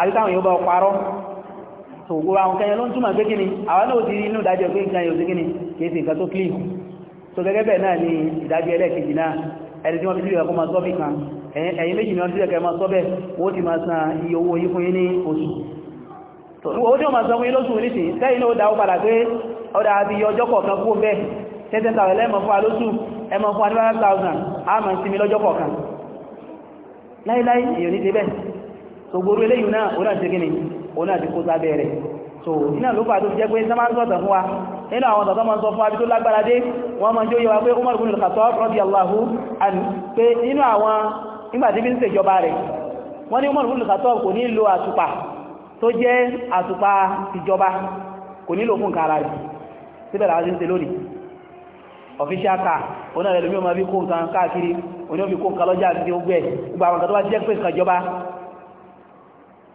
àbí táwọn yóò bá parọ́ tó gbogbo àwọn kẹyẹ ló ń túmọ̀ pé kí ni àwọn náà ti rí inú ìdájọ́ pé nǹkan yóò sí kí ni kìí sí nǹkan tó clean tó gẹ́gẹ́ bẹ́ẹ̀ náà ni ìdájọ́ ẹlẹ́ẹ̀kejì náà ẹni tí wọ́n fi sílẹ̀ kó máa sọ́bì kan ẹ̀yin méjì ni wọ́n sílẹ̀ kẹ́ máa sọ́bẹ̀ wọ́n ti máa san iye owó yí fún yín ní oṣù owó tí wọ́n máa san 1,000 a máa ń sinmi lọ́jọ́ kọ̀ọ̀kan láíláí èyàn ní ti bẹ́ẹ̀ so gbogbo eléyìí náà ó náà ti gíní o náà ti kó sábẹ́ rẹ̀ so iná ló fà tó jẹ́ pé sẹ́mà ń sọ̀tàn fún wa nínú àwọn tọ̀tọ́ máa ń sọ fún abí tó lágbára dé wọ́n máa ń jó yẹwa pé Umar ibn al-Khattab radiyallahu anhu pé nínú àwọn nígbàtí bí ń ṣèjọba rẹ̀ wọ́n ní Umar ibn al-Khattab kò ní lo àtùpà tó jẹ́ àtùpà ìjọba kò ní lò fún kààrà rẹ̀ síbẹ̀ làwọn ti ń ṣe lónìí official car onáà rẹ̀ lómi ọmọ bí kó nǹkan káàkiri oní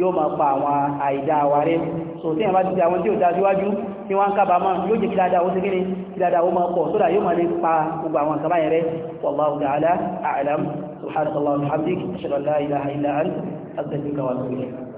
yóò máa pa àwọn àìdá wa rẹ̀ so tí wọ́n bá ti àwọn tí ó dájúwájú tí wọ́n ń kábàámọ̀ yóò jẹ́ kí dáadáa ó sí kíni kí dáadáa ó máa pọ̀ sódà yóò máa lè pa gbogbo àwọn nǹkan báyẹn rẹ̀ wallahu ta'ala a'lam subhanallahi wa bihamdihi ashhadu ilaha illa anta astaghfiruka wa atubu ilayk